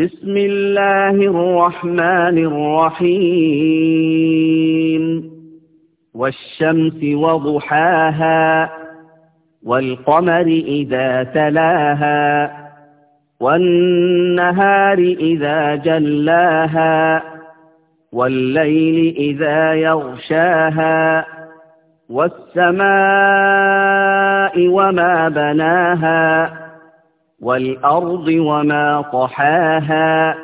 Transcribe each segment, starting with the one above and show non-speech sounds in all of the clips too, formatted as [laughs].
بسم الله الرحمن الرحيم والشمس وضحاها والقمر إذا تلاها والنهار إذا جلاها والليل إذا يغشاها والسماء وما بناها والأرض وما طحاها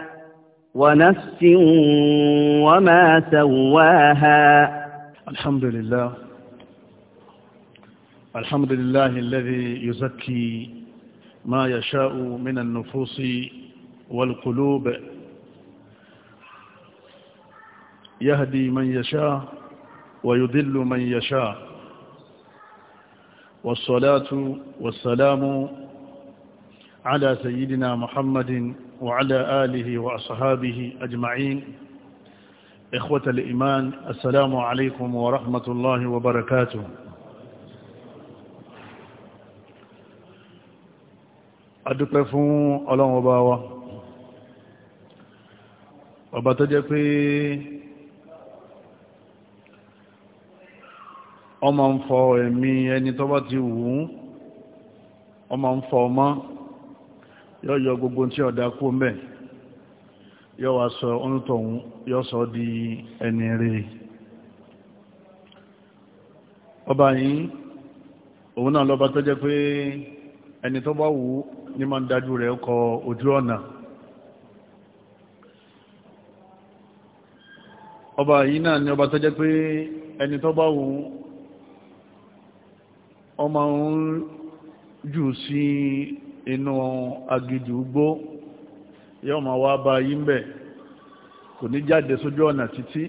ونفس وما سواها الحمد لله الحمد لله الذي يزكي ما يشاء من النفوس والقلوب يهدي من يشاء ويذل من يشاء والصلاة والسلام على سيدنا محمد وعلى آله وأصحابه أجمعين إخوة الإيمان السلام عليكم ورحمة الله وبركاته adúpẹ́ fún ọlọ́run ọba wa ọba tó jẹ́ pé ọmọ ń fọ ẹ̀mí ẹni tó bá ti wù ú ọmọ ń fọ ọmọ yóò yọ gbogbo tí ọ̀dá kú mẹ́ yọ wá sọ onítọ̀hún yọ sọ di ẹni rẹ̀ ọba yìí òun náà lọ́ba tó jẹ́ pé ẹni tó bá wù ní máa ń dájú rẹ̀ kọ ojú ọ̀nà ọba yìí náà ni ọba tó jẹ́ pé ẹni tó bá wù ọmọ òun jù sí inú agidi ugbó yóò máa wá bá yí ń bẹ̀ kò ní jáde sójú ọ̀nà títí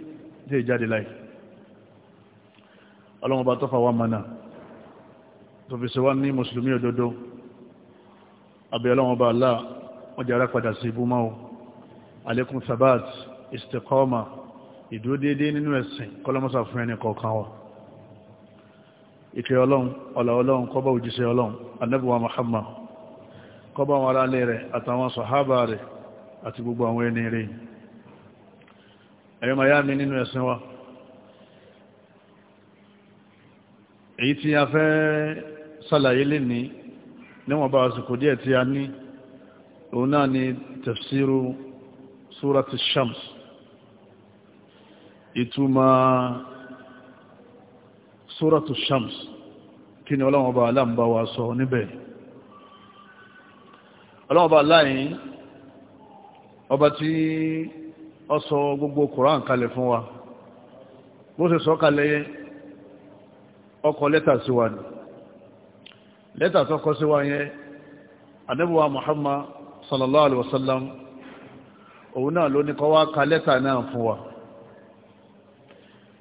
tí è jáde láì ọlọ́mọba tó fà wá mọ́nà tó fi ṣe ní mùsùlùmí òdodo àbẹ̀ ọlọ́mọba Allah wọ́n jẹ́ arápadà sí ibú máa alaikum sabat istiqama ìdúródédé nínú ẹ̀sìn kọlọmọ́sà fún ẹni kọ̀ọ̀kan wa ìkẹ́ ọlọ́run ọlá ọlọ́run kọ́bọ̀ òjíṣẹ́ ọlọ́run anábíwá Muhammad kọba àwọn aráalé rẹ̀ àtàwọn sọ̀hábà rẹ̀ àti gbogbo àwọn ẹni rẹ̀ ẹ̀yọ́mà yá mi nínú ẹ̀sìn wa èyí tí a fẹ́ sàlàyé lè ní níwọ̀n bá àsìkò díẹ̀ tí a ní òun náà ni tafsiru surati shams ìtumọ̀ suratu shams kí ni ọlọ́wọ́n bá aláàmbá wa sọ níbẹ̀ ọlọ́ọ̀bá láyìn ọba tí ọ sọ gbogbo koran kalẹ̀ fún wa bó ṣe sọ kalẹ̀ ọkọ̀ lẹ́tà sí wa ni lẹ́tà tó kọ sí wa yẹn Muhammad sallallahu alaihi wasallam òun náà ló ní kọ́ wá ka lẹ́tà náà fún wa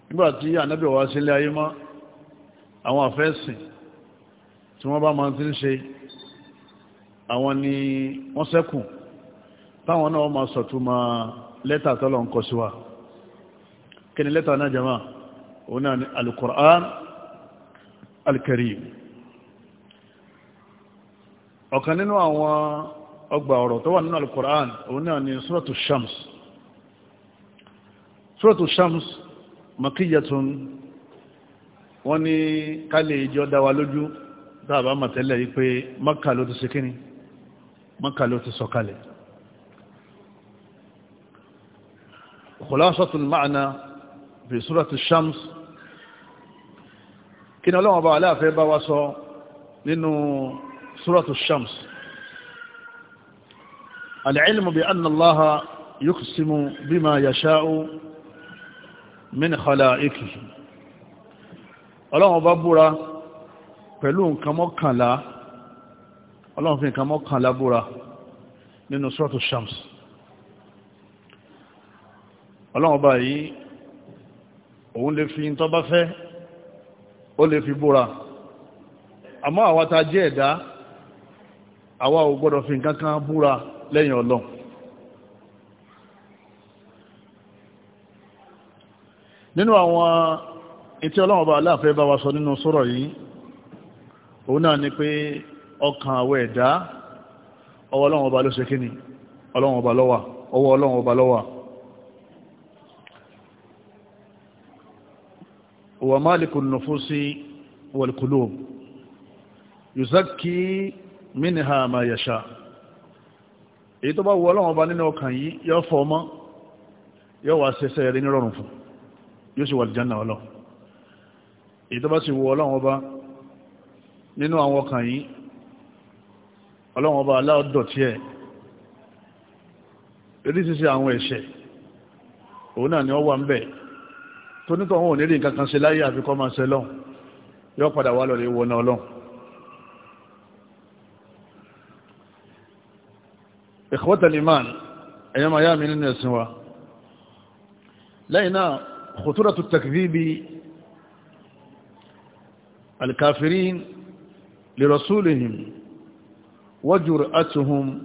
nígbàtí anábíwá sílé ayé mọ́ àwọn àfẹ́sìn tí wọ́n bá máa ti ń ṣe àwọn ni wọ́n sẹ́kùn táwọn náà ma sọ̀túnmọ́ lẹ́tà tọ́lọ̀ ń kọ sí wa kí ni lẹ́tà náà jama òun náà ni alukur'an alkarim ọ̀kan nínú àwọn ọgbà ọ̀rọ̀ tó wà nínú alukur'an òun náà ni suratu shams suratu shams makiyatun wọ́n ní ká lè jọ dá wa lójú dáàbá màtẹ́lẹ̀ yí pé makka ló ti ṣe kíni mọ́kà ló ti sọ̀kalẹ̀ khulasatul ma'na bi surati shams kí ni ọlọ́wọ́n bá wà láàfẹ́ bá wá sọ nínú surati shams al-ilmu bi anna allaha yuqsimu bima yasha'u min khala'ikihi ọlọ́wọ́n bá búra pẹ̀lú nǹkan mọ́kànlá ọlọ́run fi nǹkan mọ́kàn lábúra nínú sọ́tù shams ọlọ́run bá yìí òun lè fi tó bá fẹ́ ó lè fi búra àmọ́ àwa tá jẹ́ ẹ̀dá àwa ò gbọ́dọ̀ fi nǹkan kan búra lẹ́yìn ọlọ́run nínú àwọn ìtí ọlọ́run bá aláàfẹ́ bá wa sọ nínú sọ́rọ̀ yìí òun náà ni pé ọkàn àwọ̀ ẹ̀dá ọwọ́ ọlọ́run ọba ló ṣe kí ni ọlọ́run ọba lọ́wà ọwọ́ ọlọ́run ọba lọ́wà wa maliku nufusi wal qulub yuzakki minha ma yasha èyí tó bá wọ ọlọ́run ọba nínú ọkàn yìí yóò fọ ọmọ yóò wá ṣe sẹ́yẹrẹ ní rọrùn fún yóò sì wà lìjánà ọlọ́run èyí tó bá sì wọ ọlọ́run ọba nínú àwọn ọkàn yìí ọlọ́run ọba aláọ̀dọ̀ tí ẹ̀ eríṣiṣi àwọn ẹ̀ṣẹ̀ òun náà ni ọ wà ń bẹ̀ tó nítọ̀ òun ò ní rí nǹkan kan ṣe láyé àfikọ́ máa ṣe lọ́hùn yóò padà wá lọ́lẹ̀ wọná ọlọ́hùn ìkọ́tà liman ẹ̀yọ́ máa yá mi nínú ẹ̀sìn wa lẹ́yìn náà kòtúrà tó takdhibi alkafirin lè rasulihim وجرأتهم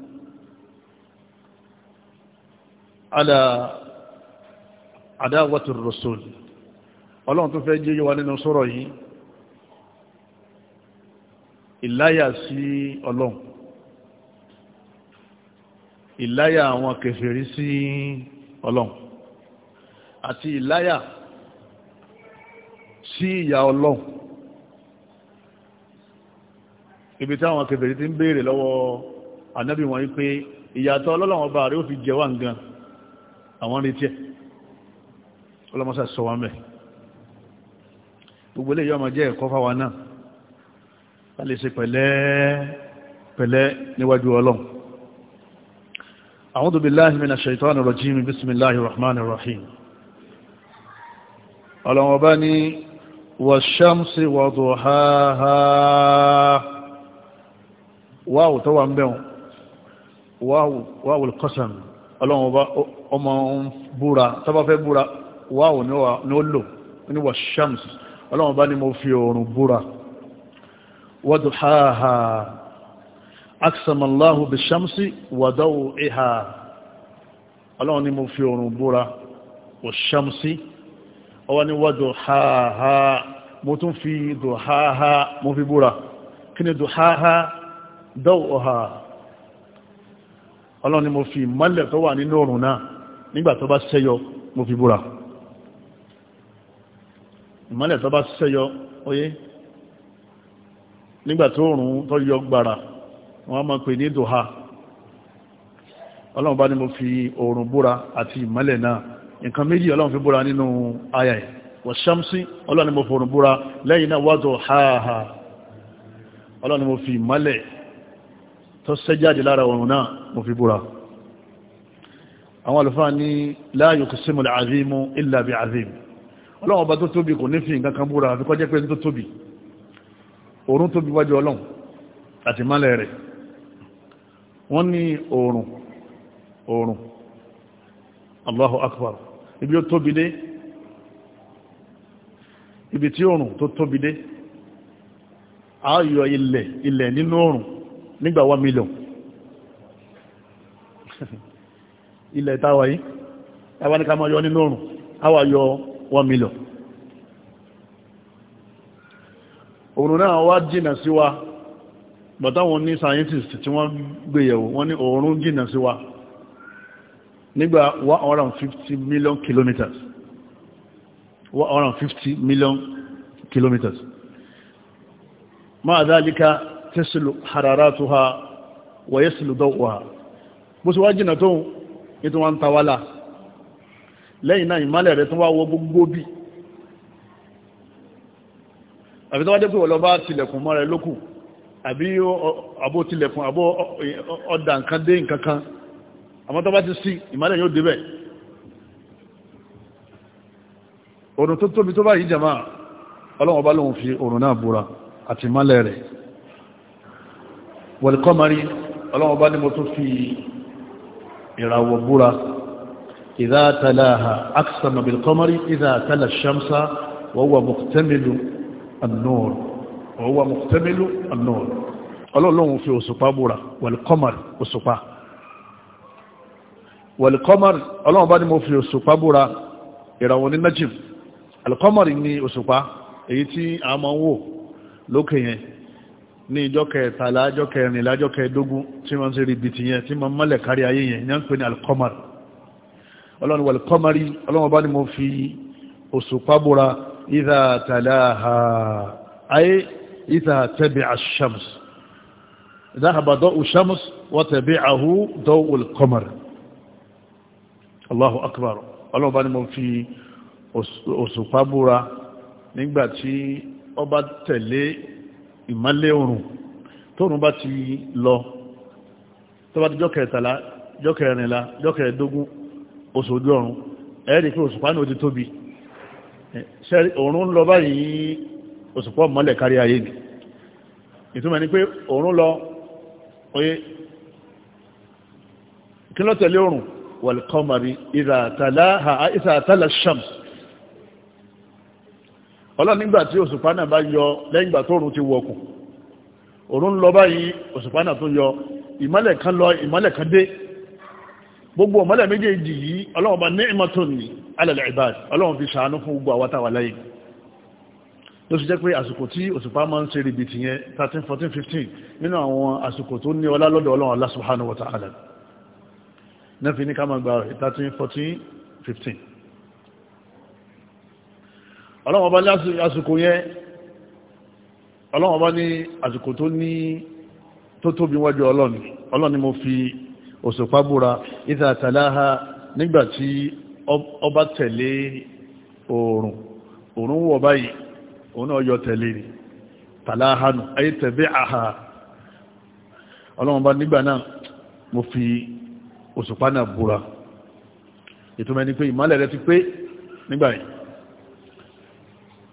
على عداوة الرسول ọlọ́run tó fẹ́ jẹ́ wa nínú sọ́rọ̀ yìí ìláyà sí ọlọ́run ìláyà àwọn kèfèrí sí ọlọ́run àti ìláyà sí ìyà ọlọ́run ibi tí àwọn kèfèrè ti ń béèrè lọ́wọ́ ànábì wọn pé ìyàtọ̀ ọlọ́lọ́wọ́ bá rí ó fi jẹ wá nǹkan àwọn retí ẹ̀ ọlọ́mọsà sọ wá mẹ́ gbogbo eléyìí ọmọ jẹ́ ẹ̀kọ́ fáwa náà a lè ṣe pẹ̀lẹ́ pẹ̀lẹ́ níwájú ọlọ́run ọlọ́wọ́ bá ní wash-shamsi wa wáwù tó wà ń bẹ̀wọ̀n wáwù kọ́sàn ọlọ́run ọmọ búra tọ́bá fẹ́ búra wáwù ní ó lò ní wà shams ọlọ́run bá ní mo fi oòrùn búra waduhaha aksamallahu bi shamsi wadawu iha ọlọ́run ní mo fi oòrùn búra wà shamsi ọwọ́ ní waduhaha mo tún fi duhaha mo fi búra kí ni duhaha dọ́wọ́ha ọlọ́ni mo fi ìmọ́lẹ̀ tó wà nínú oòrùn náà nígbà tó bá mo fi búra ìmọ́lẹ̀ tó bá oyé nígbà tó tó yọ gbara, wọ́n máa pè ní dọ́ha ọlọ́run bá ní mo fi oòrùn búra àti ìmọ́lẹ̀ náà nǹkan méjì ọlọ́run fi búra nínú ayà ẹ̀ mo fi oòrùn búra lẹ́yìn náà ọlọ́run tó sẹ́jáde lára ọ̀run náà mo fi búra àwọn alùfáà ní la yuqsimu al-azimu illa bi'azim ọlọ́run ọba tó tóbi kò ní fi nǹkan kan búra àfi kó jẹ́ pé tó tóbi òórùn tóbi wájú ọlọ́run àti málẹ̀ rẹ̀ wọ́n ní òórùn òórùn Allahu akbar ibi ó tóbi dé ibi tí òórùn tó tóbi dé ayọ̀ ilẹ̀ nínú òórùn nígbà 1 million ilẹ̀ ìtawà yìí ẹwà ní ká máa yọ nínú òrùn àwà yọ 1 million òrùn náà wá jìnà sí wa bàtàwọn ní scientist tí wọ́n gbéyẹ̀wò wọ́n ní òrùn jìnà sí wa nígbà 150 million kilometers 150 million kilometers máa dálíká tẹ́sílù hararatuha wa yẹ́sílù dọ́wà bó ṣe wá jìnà tó ní tí wọ́n ń tawálà lẹ́yìn náà ìmálẹ̀ rẹ̀ tó wá wọ gbogbo bí àbí tó wá dé pé ọlọ́bá tilẹ̀kùn mọ́ rẹ̀ lókù àbí àbó tilẹ̀kùn àbó ọ̀dà nǹkan dé nǹkan kan àmọ́ tó bá ti sí ìmálẹ̀ yóò débẹ̀ òrùn tó tóbi tó bá yìí jàmáà ọlọ́wọ́ bá lóun fi òrùn náà búra àti ìmálẹ̀ rẹ̀ wọ̀lẹ̀kọ́mọ̀rí ọlọ́wọ́ bá ní mo tó fi ìràwọ̀ búra idha talaha aqsama bilqamari idha tala ash-shamsa wa huwa muqtamilu an-nur wa huwa muqtamilu an-nur ọlọ́lọ́wọ́ fi òṣùpá búra wọ̀lẹ̀kọ́mọ̀rí òṣùpá wọ̀lẹ̀kọ́mọ̀rí ọlọ́wọ́ bá ní mo fi ìràwọ̀ ní najim alqamari ní òṣùpá èyí tí a máa ń wò lókè yẹn ní ìjọ kẹtàlá ìjọ kẹrìnlá ìjọ kẹẹ̀dógún tí wọ́n ṣe rìbìtì yẹn tí wọ́n mọ́lẹ̀ kárí ayé yẹn ní à ń pè ní alkọmar ọlọ́run wà alkọmari ọlọ́run bá ní mo fi òṣùpá búra ìdá tàláhà ayé ìdá tẹ́bí àṣàmùs ìdáhàbà dọ́ òṣàmùs wọ́n tẹ̀bí àhú dọ́ olkọmar Allahu ìmọ́lẹ̀ oòrùn tóòrùn bá ti lọ tó bá ti jọ́kẹ̀ẹ́tàlá jọ́kẹ̀ẹ́rìnlá jọ́kẹ̀ẹ́dógún oṣù ojú ọ̀run ẹ̀ẹ́rì pé òṣùpá náà ti tóbi oòrùn lọ báyìí òṣùpá mọ́lẹ̀ kárí ayé ni ìtumọ̀ ni pé oòrùn lọ oye kí ló oòrùn wal qamari idha tala shams ọlọ́ nígbà tí òṣùpá náà bá yọ lẹ́yìn ìgbà tó òrùn ti wọ̀kùn òrùn lọ báyìí òṣùpá náà tó yọ ìmọ́lẹ̀ kan lọ ìmọ́lẹ̀ kan dé gbogbo ìmọ́lẹ̀ méjèèjì yìí ọlọ́run bá ní ìmọ́tò ní alẹ́lẹ̀ ìbáàdì ọlọ́run fi ṣàánú 13 14 15 nínú àwọn àsìkò tó ní ọlá lọ́dọ̀ ọlọ́run Allah subhanahu wa ta'ala náà 13 14 15 ọlọ́wọ́n bá ní àsìkò yẹn ọlọ́wọ́n bá ní àsìkò tó ní tó tóbi wájú ọlọ́ni ọlọ́ni mo fi òṣùpá búra ìta àtàláha nígbàtí ọba tẹ̀lé oòrùn oòrùn wọ̀ báyìí òun náà yọ tẹ̀lé rí tàláhánù ayé tẹ̀bẹ́ àhà ọlọ́wọ́n bá nígbà náà mo fi òṣùpá náà búra ìtumẹ̀ pé ìmọ́lẹ̀ rẹ ti pé nígbà yìí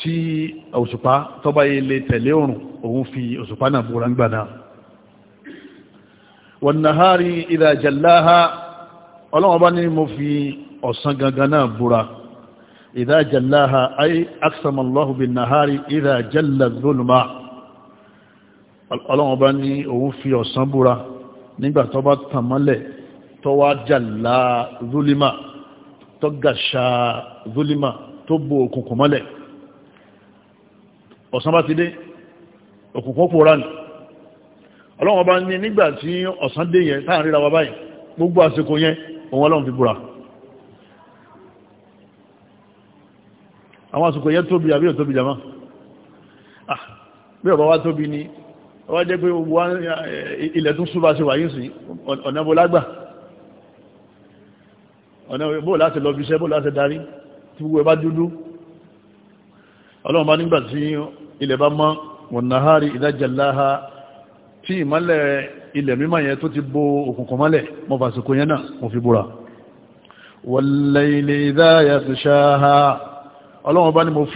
tí òṣùpá tọ́bá ilé tẹ̀lé òrùn òun fi òṣùpá náà búra ń gbàdá wan nahari idha jallaha ọlọ́wọ́n bá ní mo fi ọ̀sán gangan náà búra idha jallaha ay aksamallahu bin nahari idha jalla zulma ọlọ́wọ́n bá ní òun fi ọ̀sán tó bo òkùnkùn mọ́lẹ̀ ọ̀sán bá ti dé òkùnkùn pòórá nì ọlọ́wọ́n bá ní nígbà tí ọ̀sán dé yẹn táà ríra wa báyìí gbogbo àsìkò yẹn òun ọlọ́run fi búra àwọn àsìkò yẹn tóbi àbí tóbi jama ah bí ọba wá tóbi ni ọwá jẹ́ pé wá eh, ilẹ̀ tún súbà sí wà yìí sí ọ̀nà bó lágbà ọ̀nà bó láti lọ bí iṣẹ́ bó láti darí tí gbogbo ẹbá dúdú ọlọ́run bá nígbà tí ilẹ̀ bá mọ́ wọn nahari ìdájàláha tí ìmọ́lẹ̀ ilẹ̀ mímọ́ yẹn tó ti bo òkùnkùn mọ́lẹ̀ mọ́ fàṣíkò yẹn náà mo fi búra wàlẹ̀ilẹ̀ ìdáyà tó ṣáhá ọlọ́run bá ní mo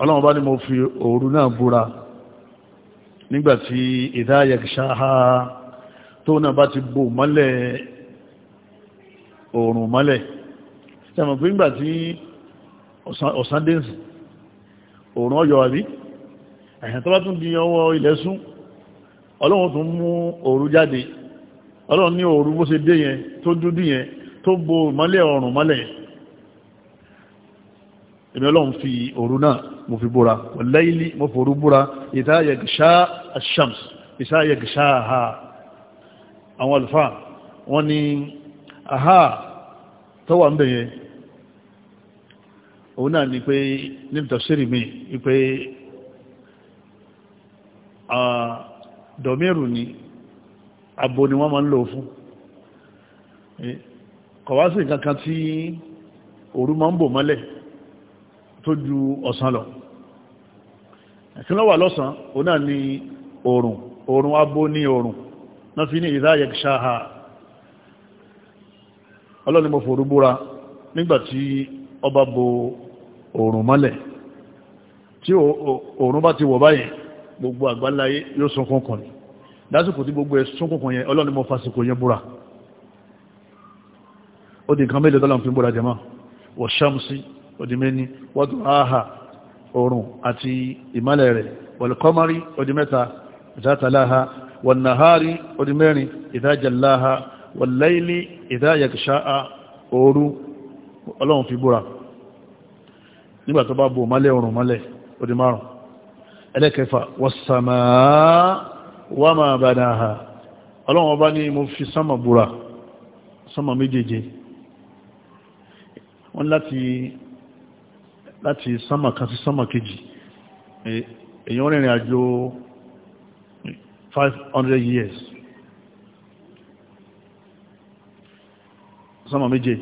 ọlọ́run bá ní mo fi òru náà búra nígbàtí ìdáyẹ̀ṣáha tó náà bá ti bò mọ́lẹ̀ òòrùn mọ́lẹ̀ tẹ́mọ̀ pé nígbàtí ọ̀sándẹ́sì òòrùn ọyọ̀ àbí ẹ̀yàn tó bá tún di ọwọ́ ilẹ̀ sún ọlọ́run tún mú òru jáde ọlọ́run ní òru bó ṣe dé yẹn tó dúdú yẹn tó bò mọ́lẹ̀ òòrùn mọ́lẹ̀ yẹn èmi ọlọ́run fi òru náà mo fi búra wal-layli mo fi òru búra idha yaghsha ash-shams idha yaghshaha àwọn alfa wọ́n ní àhá tọ́wà ń bẹ̀yẹ òun náà ni pé níbi tafsiri mi pé dọ̀míìrù ni abo ni wọ́n máa ń lò fún kọ̀wá sí nǹkan tí òru máa ń bò mọ́lẹ̀ tó ju ọ̀sán lọ ẹ̀sìn lọ́wà lọ́sàn ó náà ni oòrùn oòrùn abó ní oòrùn náà fi ní ìdáyẹ̀ ṣáha ọlọ́ni mo fòrú búra nígbàtí ọba bo oòrùn mọ́lẹ̀ tí oòrùn bá ti wọ̀ báyìí gbogbo àgbáláyé yóò sunkún kan ní lásìkò tí gbogbo ẹ̀ sunkún kan yẹn ọlọ́ni mo fásikò yẹn búra ó di nǹkan mélòó tọ́lá fi búra jẹ́mọ́ wọ̀ odimeni wọ́dù áhà oòrùn àti ìmálẹ̀ rẹ̀ wọ̀lùkọ́mọ́rí odimẹ́ta ìdátàláha wọ̀nàhárí odimẹ́rin ìdájàláha wọ̀lẹ́ilí ìdáyàkṣáà oòrùn ọlọ́run fi búra nígbà tó bá bò mọ́lẹ̀ oòrùn mọ́lẹ̀ odimárùn ẹlẹ́kẹfà wọ́sàmà wàmà bàdáhà ọlọ́run ọba ní mo fi sánmà búra sánmà láti sánmà kan sí sánmà kejì èyàn rìnrìn àjò 500 years sánmà méje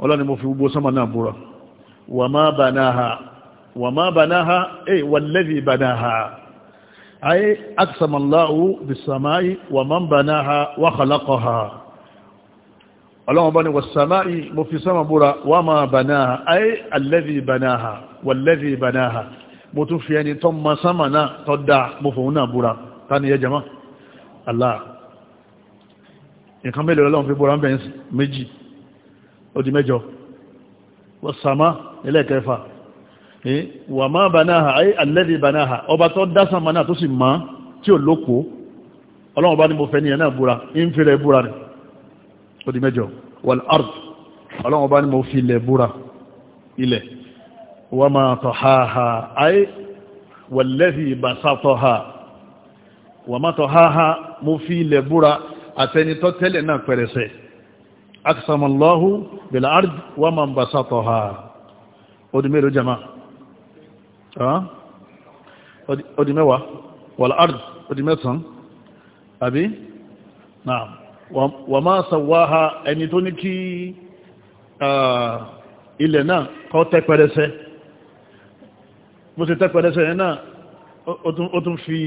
ọlọ́ni mo fi gbogbo sánmà náà búra wà máa ha. wà máa ha. eh wallazi banaha ayé aksamallahu bisamai wà máa banaha wa ha ọlọ́wọ́n bá ní wàsàmá yìí mo fi sánmà búra wà máa bànáà ayé alẹ́bí bànáà wàlẹ́bí bànáà mo tún fi ẹni tó ma sánmà náà tó dáa mo fòun náà búra ta ni yẹ jama Allah nǹkan mélòó ọlọ́wọ́n fi búra ń bẹ̀ méjì ó di mẹ́jọ wàsàmá ẹlẹ́kẹfà wà máa bá ní mo fẹ́ ni ẹ̀ náà búra fi rẹ̀ búra rẹ̀ ó di mẹ́jọ wal ard ọlọ́run bá ní mo fi ilẹ̀ búra ilẹ̀ wa ma tahaha ay wallazi basataha wa ma tahaha mo fi ilẹ̀ búra àtẹnitọ́ tẹ́lẹ̀ náà pẹ̀rẹ̀sẹ̀ aksamallahu bil ard wa man basataha ó di mélòó jama ó mẹ́wàá wal ard ó mẹ́sàn-án àbí naam wà máa sàwáha ẹni tó ní kí ilẹ̀ náà kọ́ tẹ́pẹrẹsẹ bó ṣe tẹ́pẹrẹsẹ yẹn náà ó tún fi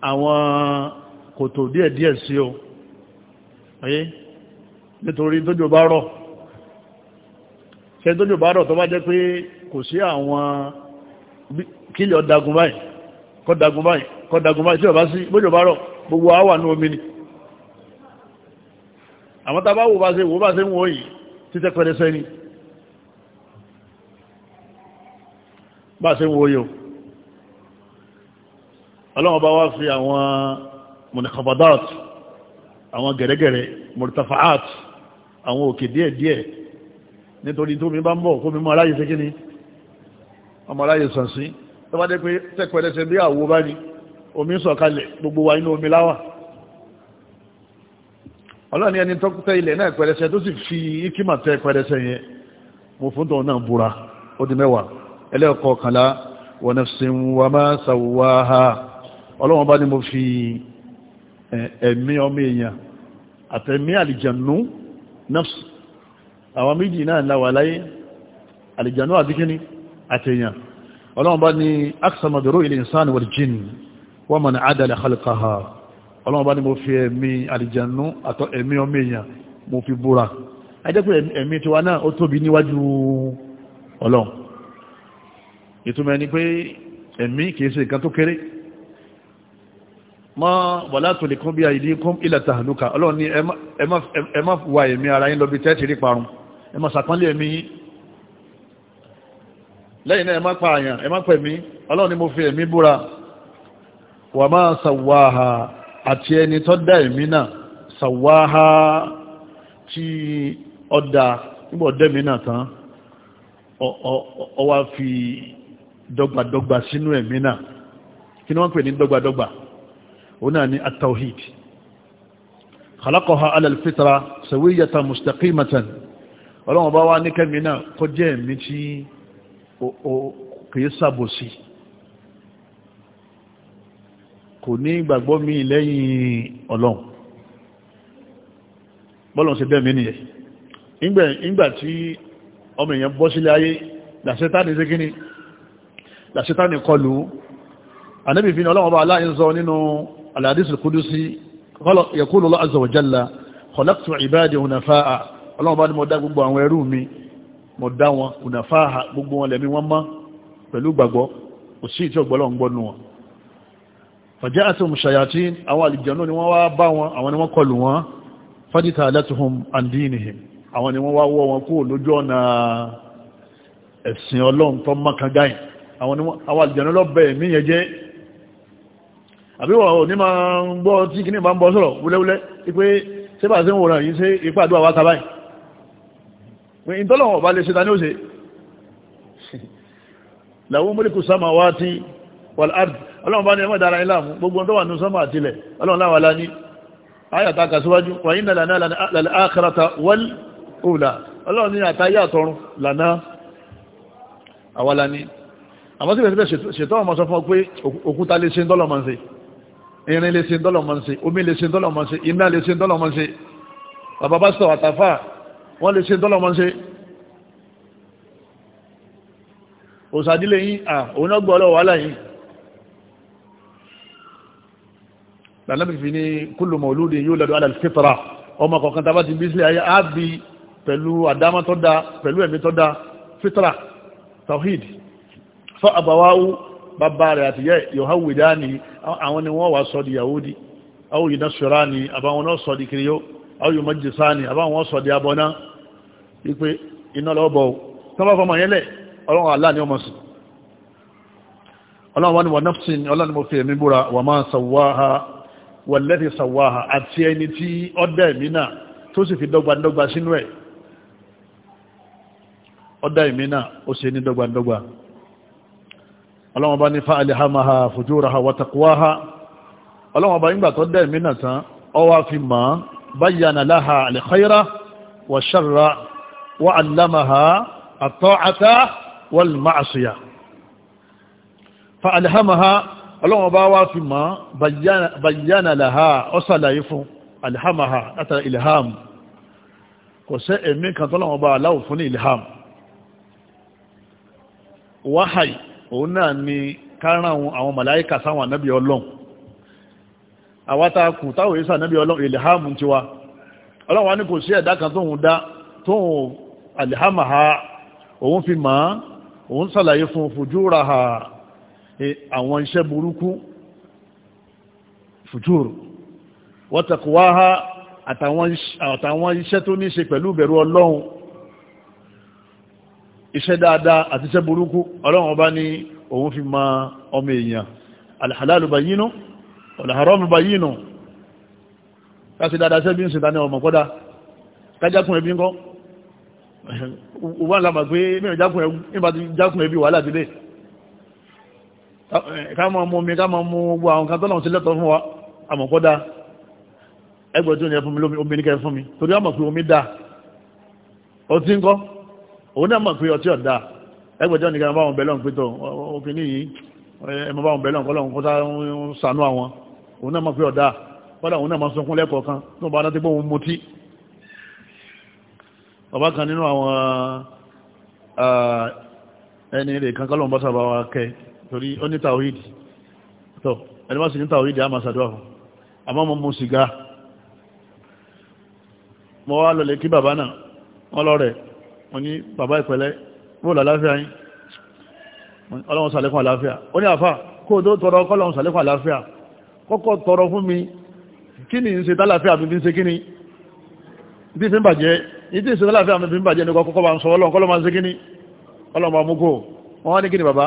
àwọn kòtò díẹ̀díẹ̀ sí o ayé nítorí tójò bá rọ̀ ṣe tójò bá rọ̀ tó bá jẹ́ pé kò sí àwọn kílẹ̀ ọ̀dagun báyìí kọ́dagun báyìí kọ́dagun báyìí tí ọ̀bá bá rọ̀ gbogbo àwà ní omi ni àwọn tàbá wò bá ṣe wò bá ṣe ń wò yìí títẹ́ pẹ̀lẹ́sẹ́ ni bá ṣe ń wò yìí ọlọ́wọ́ bá wá fi àwọn munikabadat àwọn gẹ̀rẹ́gẹ̀rẹ́ murtafaat àwọn òkè díẹ̀díẹ̀ nítorí tó mi bá ń bọ̀ kó mi mọ́ aláyé ṣe kíní ọmọ aláyé sànsí tó bá dé pé tẹ́pẹ̀lẹ́sẹ̀ bí àwò bá ní omi sọ̀kalẹ̀ gbogbo wa inú omi láwà ọlọ́ni ẹni tó tẹ́ ilẹ̀ náà pẹ̀rẹsẹ̀ tó sì fi ikima tẹ́ pẹ̀rẹsẹ̀ yẹn mo fún tó náà búra ó di mẹ́wàá ẹlẹ́ọ̀kọ́ kànlá wa nafsin wa ma sawwaha ọlọ́wọ́n bá ní mo fi ẹ̀mí ọmọ èèyàn àtẹ̀mí àlìjànú nafs àwọn méjì náà láwà láyé àlìjànú àdíkíní àtẹ̀yàn ọlọ́wọ́n bá ní ọlọ́run bá ní mo fi ẹ̀mí àlìjànú àtọ́ ẹ̀mí ọmọ èèyàn mo fi búra ajẹ́pẹ́ ẹ̀mí tiwa náà ó tóbi níwájú ọlọ́run ìtumọ̀ ẹni pé ẹ̀mí kìí ṣe nǹkan tó kéré ma wàlá tó lè kún bí àìdí kún ilẹ̀ tàhánúkà ọlọ́run ní ẹ má wà ẹ̀mí ara yín lọ bí tẹ́tì rí parun ẹ má sàpánlé ẹ̀mí yín lẹ́yìn náà ẹ máa sàwọ́ àhà àti ẹni tó dá ẹ̀mí náà sàwáhá tí ọdá nígbà ọdẹ́mí náà tán ọwá fi dọ́gbàdọ́gbà sínú ẹ̀mí náà kí ni wọ́n pè ní dọ́gbàdọ́gbà ó náà ní at-tawhid khalaqaha ala al ọlọ́wọ́n bá wá ní kẹ́mí náà kọjẹ́ ẹ̀mí tí kìí sàbòsí kò ní gbàgbọ́ mi lẹ́yìn ọlọ́run bọ́lọ̀ ṣe bẹ́ẹ̀ mi nìyẹn ìgbà tí ọmọ èèyàn bọ́ sílé ayé làṣẹ́tánì sí kíní làṣẹ́tánì kọlù anábìfin ọlọ́run bá wa jalla khalaqtu ibadi hunafa'a ọlọ́run bá ní mo dá gbogbo àwọn ẹrú mi mo dá wọn hunafa'a gbogbo wọn lẹ́mí wọn mọ́ pẹ̀lú gbàgbọ́ òsì tí ọgbọ́lọ́ ń fàjá àti òmùsàyàtí àwọn àlìjànú ni wọ́n wá bá wọn àwọn ni wọ́n kọlù wọn fàdíta alẹ́tuhun andínihim àwọn ni wọ́n wá wọ́ wọn kú lójú ọ̀nà ẹ̀sìn ọlọ́run tó mọ́kàngáyìn àwọn àlìjànú lọ bẹ̀ẹ̀ mí yẹn jẹ́ àbíwọ̀ ní ma ń gbọ́ tí kí [laughs] ọlọ́run bá ní ẹmọ́ ìdára ilá mú gbogbo tó wà ní sọ́mọ̀ àtilẹ̀ ọlọ́run láwà lá ní ayàtà kàṣíwájú wà ní lànà lànà àkàràtà wọ́l òlà ọlọ́run ní àtàyà àtọrun lànà àwàlá ní àmọ́ sí ìrẹsẹ̀ ṣètọ́ ọmọ sọ fún ọ pé òkúta lè ṣe ń dọ́lọ̀ mọ́nse irin lè ṣe ń dọ́lọ̀ mọ́nse omi lè òsàdílé yín à òun náà gbọ́ ọlọ́wọ́ wàhálà lànàbì fi ní kúlù mọ̀lúdì yóò lọ́dọ̀ alàlfitra ọmọ kọ̀ọ̀kan tàbá ti bísílẹ̀ ayé á bí pẹ̀lú àdámá tó dá pẹ̀lú ẹ̀mí tó dá fitra tawhid fọ́ àbáwáwú bàbá rẹ̀ àti yẹ́ yọ̀háwìdá ni àwọn ni wọ́n wà sọ di yahudi aw yìí nasọ̀rá ni àbáwọn náà sọ di kiriyó aw yìí mọ́jìsá ni àbáwọn sọ di ọlọ́run aláà ni ọmọ ọlọ́run mo fi ẹ̀mí búra wà máa sàwọ́ ha wọ̀lẹ́tì sàwáhà àti ẹni tí ọdá ẹ̀mí náà tó sì fi dọ́gbandọ́gba sínú ẹ̀ ọdá ẹ̀mí náà ó sì ní dọ́gbandọ́gba ọlọ́wọ́n bá ní fa alihamaha fujuraha watakuwaha ọlọ́wọ́n bá nígbà tó dá ẹ̀mí náà tán ọwá fi mọ́ bayyana ọlọ́wọ́n bá wá fi mọ́ bayyana laha ọ́sàlàyé fún alhamaha látara ilham kò sẹ́ ẹ̀mí kan tọ́lọ́wọ́n bá aláwò fún ní ilham wáhàì òun náà ni káràn àwọn màláíkà sáwọn anábì ọlọ́n àwátakù táwọn èsà anábì ọlọ́n ilham ti wa ọlọ́wọ́n wá ní kò sí ẹ̀dá kan tóhun alhamaha òun fi mọ́ òun sàlàyé fún fujúra àwọn iṣẹ́ burúkú fùtúr wọ́tàkùwáhá àtàwọn iṣẹ́ tó ní ṣe pẹ̀lú bẹ̀rù ọlọ́run iṣẹ́ dáadáa àti iṣẹ́ burúkú ọlọ́run ọba ní òun fi ma ọmọ èèyàn alhàlálù bayinu alhàrọ́mù bayinu káṣe dáadáa sẹ́bí ń ṣe tání ọmọ kọ́dá kájákùn ẹbí ńkọ́ wọ́n lámà ká máa mú omi ká máa mú gbogbo àwọn kan tọ́lọ̀ sí lẹ́tọ̀ fún wa àmọ̀kọ́dá ẹgbẹ̀ tí ó ní ẹfún mi lómi omi ní kẹ fún mi torí àmọ̀ pé omi dá ọtí ń kọ́ òun náà mọ̀ pé ọtí ọ̀dá ẹgbẹ̀ tí ó ní ká báwọn bẹ̀lọ́n pítọ̀ òfin ní yìí ẹmọ báwọn bẹ̀lọ́n kọ́lọ̀ kó sànú àwọn òun náà mọ̀ pé ọ̀dá kọ́lọ̀ òun náà mọ̀ sunkún lẹ́kọ̀ọ̀kan tó bá dáńtí pé òun mutí bàbá kan nínú àwọn ah, ẹni rẹ̀ kan kọ́lọ̀ ń bọ́ sábà wa kẹ́ torí ó ní tàwídì tó ẹni bá sì ní tàwídì á máa ṣàdúrà fún àmọ́ mo mú sìgá mo wá lọlẹ̀ kí bàbá náà wọ́n lọ rẹ̀ wọ́n ní bàbá ìpẹ̀lẹ́ wọ́n lálàáfíà yín ọlọ́run sàlékún àlàáfíà ó ní àfà kó tó tọrọ kọ́lọ́run sàlékún àlàáfíà kọ́kọ́ tọrọ fún mi kí ni ń ṣe fi ń ni ìdí fi ń bàjẹ́ ìdí kọ́kọ́ bá ń sọ ọlọ́run máa ń ṣe kí ni ọlọ́run mú kó wọ́n wá ní kí ni bàbá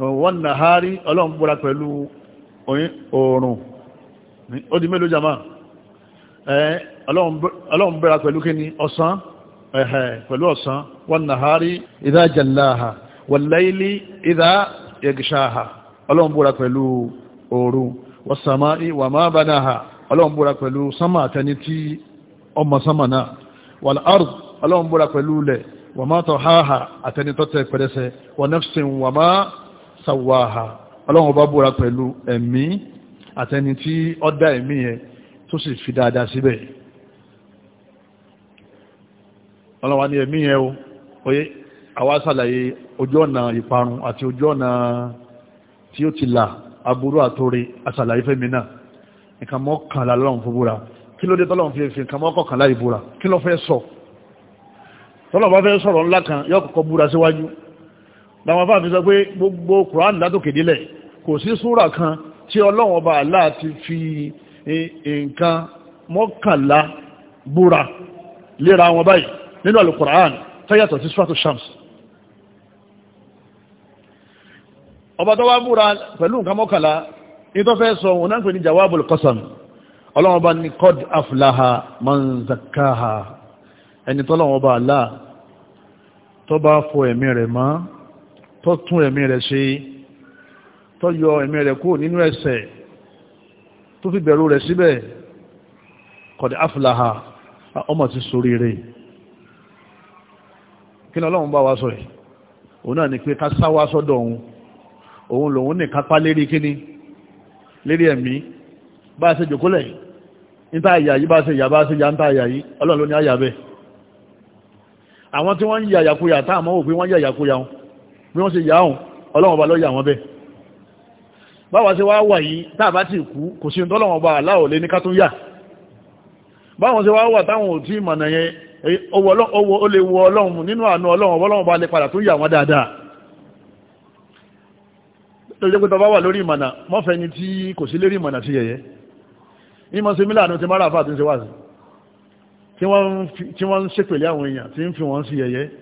wọ́n nà ha rí ọlọ́run búra pẹ̀lú oòrùn ó di mélòó jama ọlọ́run búra pẹ̀lú kí ni ọ̀sán pẹ̀lú ọ̀sán wọ́n nà ha rí idha jallaha wal layli idha yaghshaha ọlọ́run búra pẹ̀lú oòrùn was-sama'i wa ma banaha àtẹni tọ́tẹ̀ pẹ̀lẹ́sẹ̀ wa nafsin sawaha ọlọ́run bá búra pẹ̀lú ẹ̀mí àtẹni tí ó dá ẹ̀mí yẹn tó sì fi dáadáa síbẹ̀ ọlọ́wà ní ẹ̀mí yẹn o oye àwa sàlàyé ojú ọ̀nà ìparun àti ojú ọ̀nà tí ó ti là aburú àtòrè àsàlàyé fẹ́mi náà nǹkan mọ́kànlá lọ́run fún búra kí ló dé tọ́lọ́run fi fẹ́ sọ kan yóò kọ́kọ́ búra láwọn afáàfi sọ pé gbogbo Kùránì látòkèdélẹ̀ kò sí súrà kan tí Ọlọ́run Ọba Allah ti fi e, e, nǹkan mọ́kànlá búra léra wọn báyìí nínú Al-Kùránì tó yàtọ̀ sí Suratu Shams ọba tó wá búra pẹ̀lú nǹkan mọ́kànlá ní tó fẹ́ sọ wọn náà pè ní ẹni tọ́lọ́run Ọba Allah tó bá fọ ẹ̀mí rẹ̀ máa tó tún ẹ̀mí rẹ̀ ṣe tó yọ ẹ̀mí rẹ̀ nínú ẹ̀ṣẹ̀ tó fi bẹ̀rù rẹ̀ síbẹ̀ kọ̀dẹ̀ afúláha ọmọ ti sórí rẹ̀ kí ni ọlọ́run bá wá sọ yìí òun náà ni pé ká sáwá sọ́dọ̀ òun òun lòun ní kápá lérí kíní lérí ẹ̀mí bá a ṣe jòkólẹ̀ níta àyà bí wọ́n ṣe yáhùn ọlọ́wọ́n bá lọ́yà wọn bẹ́ báwa ṣe wá wà yìí tàbá ti kú kò sí ọlọ́wọ́n bá aláwọ̀ lé ní ká tún yà báwọn ṣe wá wà táwọn ò tí mọ̀nà yẹn owó ó lè wọ ọlọ́run nínú àánú ọlọ́run ọlọ́run bá lè padà tún yà wọn dáadáa lórí pé tọba wà lórí ìmọ̀nà mọ́fẹ́ ni tí kò sí lérí ìmọ̀nà sí ẹ̀yẹ́ ìmọ̀ sí mílànà ti mara àfáà tí ń ṣe wáṣì tí wọ́n ń ṣépèlé àwọn èèyàn tí ń fi wọ́n sí ẹ̀yẹ́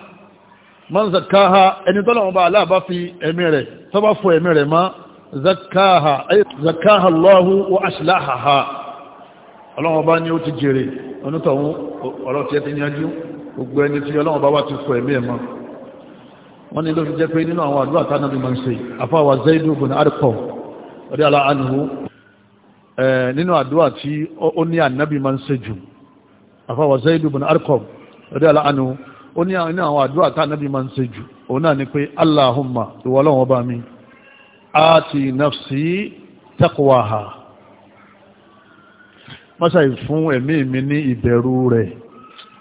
man zakaha ẹni tọ́lọ̀wọ́n bá aláàbá fi ẹ̀mí rẹ̀ tó bá fọ ẹ̀mí rẹ̀ ma zakaha ayé zakaha Allahu wa aṣìláhàá ọlọ́wọ́n bá ní ó ti jèrè onítọ̀hún ọ̀rọ̀ tí ẹ ti yanjú gbogbo ẹni tí ọlọ́wọ́n bá wá ti fọ ẹ̀mí ẹ̀ ma wọ́n ni ló fi jẹ́ pé nínú àwọn àdúrà tánà bí máa ń ṣe àfáwà Zaidu bin Arqam ọdí ala nínú àdúrà tí ó ní ànábì máa ń ṣe jù àfáwà Zaidu bin Arqam ọdí ala ó ní àwọn àdúrà tá ànábì máa ń ṣe jù òun náà ni pé Allahumma ìwọ ọlọ́run ọba mi àti nafsi taqwaha mọ́sàá fún ẹ̀mí mi ní ìbẹ̀rù rẹ̀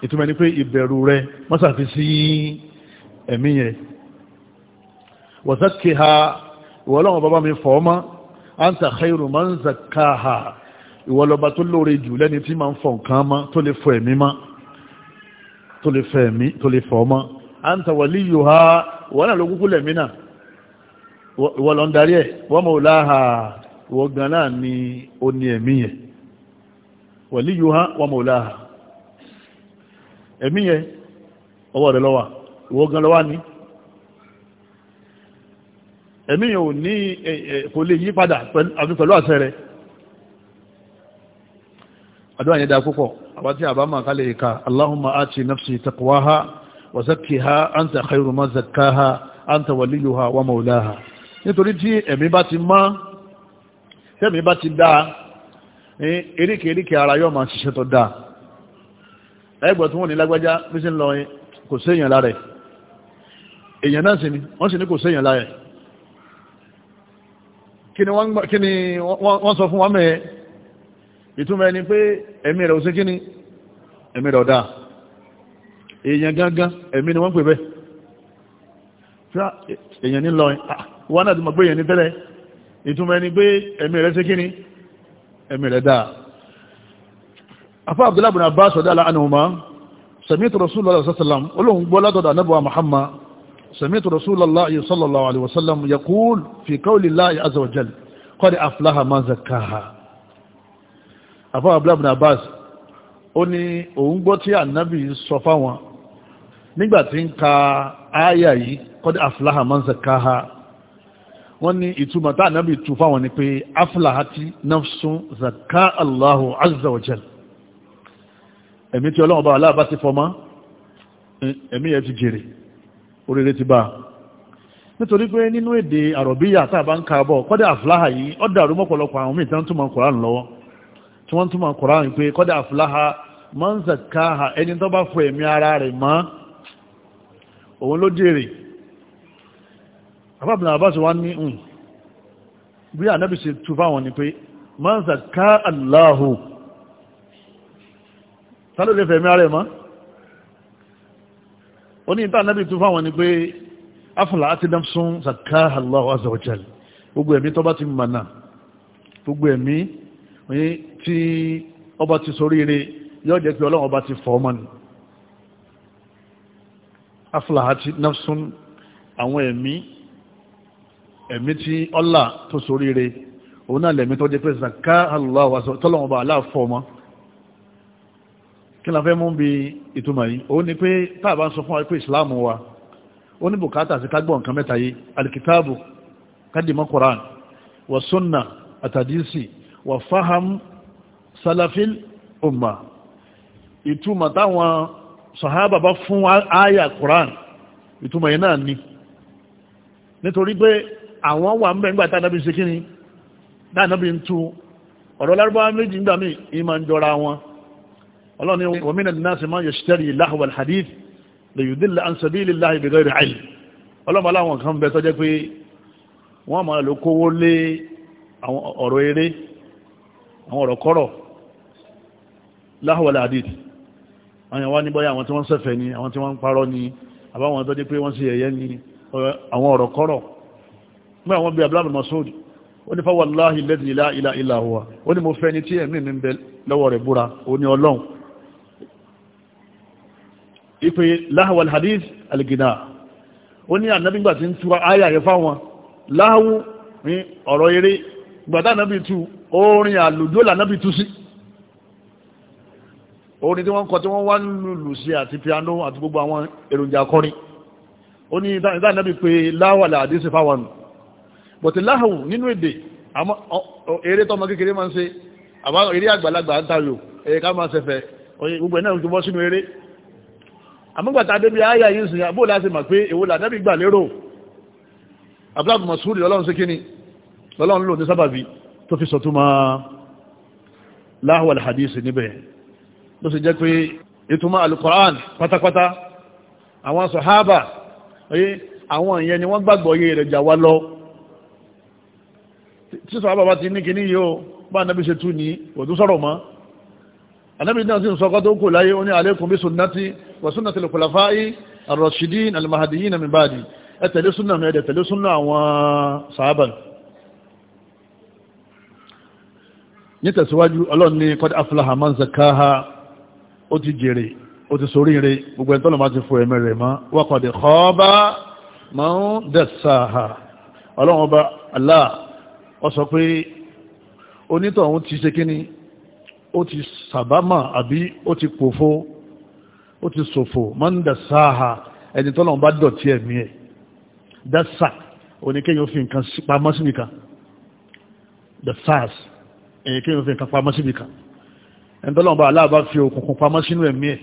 ìtumọ̀ ni pé ìbẹ̀rù rẹ̀ mọ́sàá fi sí ẹ̀mí yẹn wazakkiha ìwọ ọlọ́run bàbá mi fọ́ mọ́ anta ń fọ̀ mọ́ tó lè fọ ẹ̀mí tó lè fẹ́ mi tó lè fọ́ mọ́ a ń tàwà líyù ha wọ́n náà ló kúkú lẹ̀mí náà wọ́n lọ ń darí ẹ̀ wọ́n mọ̀ láha wọ́n gan náà ni ó ní ẹ̀mí yẹn wọ́n líyù ha wọ́n mọ̀ láha ẹ̀mí yẹn ọwọ́ rẹ̀ lọ́wà wọ́n gan lọ́wà ní ẹ̀mí yẹn ò ní kò lè yí pẹ̀lú àṣẹ rẹ̀ àdúrà yẹn dáa púpọ̀ àwọn tí àbá máa kálẹ̀ ìka Allahumma ati nafsi taqwaha wa zakkiha anta khayru man zakkaha anta waliyuha wa maulaha nítorí tí ẹ̀mí bá ti má tẹ́mí bá ti dáa eríkèríkè ara yóò máa ṣiṣẹ́ tó dáa ẹgbẹ̀ tí wọ́n ní lágbájá bí sí ń lọ kò séèyàn lára èèyàn náà sì ni wọ́n sì ní kò séèyàn lára kí ni wọ́n sọ fún wa mẹ́ẹ̀ẹ́ ìtumọ̀ ẹni pé ẹ̀mí rẹ̀ òsìn kíní ẹ̀mí rẹ̀ ọ̀dá èèyàn gangan ẹ̀mí ni wọ́n pè bẹ́ èèyàn ní lọ́yìn wọ́n náà ti mọ̀ pé èèyàn ní tẹ́lẹ̀ ìtumọ̀ ẹni pé ẹ̀mí rẹ̀ sí kíní ẹ̀mí rẹ̀ dáa afọ́ Abdullahi bin Abbas ọ̀dá anuma sami'tu Rasulullah sallam olóhun gbọ́ látọ̀dọ̀ anábọ̀ Muhammad sami'tu Rasulullah sallallahu alaihi wasallam yaqul fi qawli Allah azza wa jalla qad aflaha man zakkaha àfáà abúlábùn abbas ó ní òun gbọ́ tí ànábì sọ fáwọn nígbà tí ń ka ááyà yìí kọ́dí afláhà man zakaha wọ́n ní ìtumọ̀ tá ànábì tu fáwọn ni pé afláhàtí nafsun zaka allahu azza wa jal ẹ̀mí tí ọlọ́run bá aláàbá ti fọmọ́ ẹ̀mí yẹn ti jèrè oríire ti bá nítorí pé nínú èdè àrọ̀bíyà tá a bá ń ka bọ̀ kọ́dí afláhà yìí ó dàrú mọ́pọ̀lọpọ̀ àwọn míì tí wọ́n túnmọ̀ kùránì pé kọ́dà àfúláha máa ń zàkáha ẹni tó bá fọ ẹ̀mí ara rẹ̀ mọ́ òun ló jèrè àbábìnrin àbáṣe wá ní ǹ hmm, bí ànábì ṣe tú fáwọn ni pé máa ń zàká aláhù táló lè fẹ̀mí ara rẹ̀ mọ́ ó ní ìta ànábì tú fáwọn ni pé afúnlá àti dámsún zàkáha aláhù azza wa jalla tí ọba ti soríire yóò jẹ́ pé ọlọ́run ọba ti fọ́ ọmọ ni aflahati nafsun àwọn ẹ̀mí ẹ̀mí tí ọlá tó soríire òun náà lẹ̀mí tó jẹ́ pé zaka aláwọ̀ aṣọ tọ́lọ́run ọba aláàfọ́ ọmọ kí la fẹ́ mú bí ìtumọ̀ yìí òun ni pé táàbá ń sọ fún wa pé ìsìláàmù wa ó ní bùkátà sí kágbọ́n nǹkan mẹ́ta yìí alikitaabu kádìmọ́ koran wa sunna àtàdísì wà fáham salafil umma ìtumọ̀ táwọn sàhábà bá fún àyà Qur'an ìtumọ̀ yìí náà ni nítorí pé àwọn wà ń bẹ nígbà tánàbí ṣe kí ni tánàbí ń tú ọ̀rọ̀ lárúbáwá méjì ń gbà mí ìmọ̀ ń jọra wọn ọlọ́ni òmìnà náà sì máa àwọn ọ̀rọ̀ kọ́rọ̀ láhùwàlá àdìd àwọn ìwá ní bọ́yá àwọn tí wọ́n sẹ́fẹ̀ ni àwọn tí wọ́n ń parọ́ ni àbáwọn tó dé pé wọ́n sí ẹ̀yẹ́ ni àwọn ọ̀rọ̀ kọ́rọ̀ mẹ́ àwọn bí abúlábùn masoud ó ní fáwọláhì lẹ́dì ilá ilá ilá wa ó ní mo fẹ́ ni tí ẹ̀mí mi ń bẹ gbàtà náà bí tu orin àlùjó là náà bí tu sí orin tí wọ́n kọ tí wọ́n wá lùlù sí àti piano àti gbogbo àwọn èròjà akọrin ó ní ìdá náà bí pé láwàlà àdísì fáwọn bọ̀tí láhùn nínú èdè eré tọmọ kékeré máa ń ṣe àbá eré àgbàlagbà ń tayò ẹ̀yẹ ká máa ṣẹfẹ̀ gbogbo ẹ̀ náà masudi ọlọ́run sí kíni lọ́lọ́run lò ní sábàbí tó fi sọ̀túnmọ́ láhùwà alhadis níbẹ̀ ló sì jẹ́ pé ìtumọ̀ alukoran pátápátá àwọn sọ̀hábà àwọn ìyẹn ni wọ́n gbàgbọ́ yé rẹ̀ jà wá lọ tí sọ̀hábà bá ti ní kíní yóò bá anábì ṣe tú ní òdú sọ̀rọ̀ mọ́ anábì náà sì ń sọkọ́ tó kò láyé ó ní alaykum bí sunnati wa sunnati al-khulafai ar-rashidin al-mahdiyyin min ba'di ẹ tẹ̀lé súnà mi ẹ tẹ̀lé súnà àwọn sàhábà ní tẹ̀síwájú ọlọ́run ní kọ́dá afúláhà máa ń zakáha ó ti jèrè ó ti sorí rẹ̀ gbogbo ẹ̀tọ́nà máa ti fò ẹ̀mẹ́ rẹ̀ máa wákọ̀dẹ̀ kọ́ọ́bá máa ń dẹ̀sáha ọlọ́run ọba Allah ó sọ pé onítọ̀hún ti ṣe kíní ó ti sàbámà àbí ó ti pòfó ó ti sòfò máa ń dẹ̀sáha ẹni tọ́nà sí nìkan dẹ̀sáàsì èyí kí n fi nǹkan pamọ́ síbi kan ẹni tọ́lọ́mọba aláàbá fi òkùnkùn pamọ́ sínú ẹ̀mí ẹ̀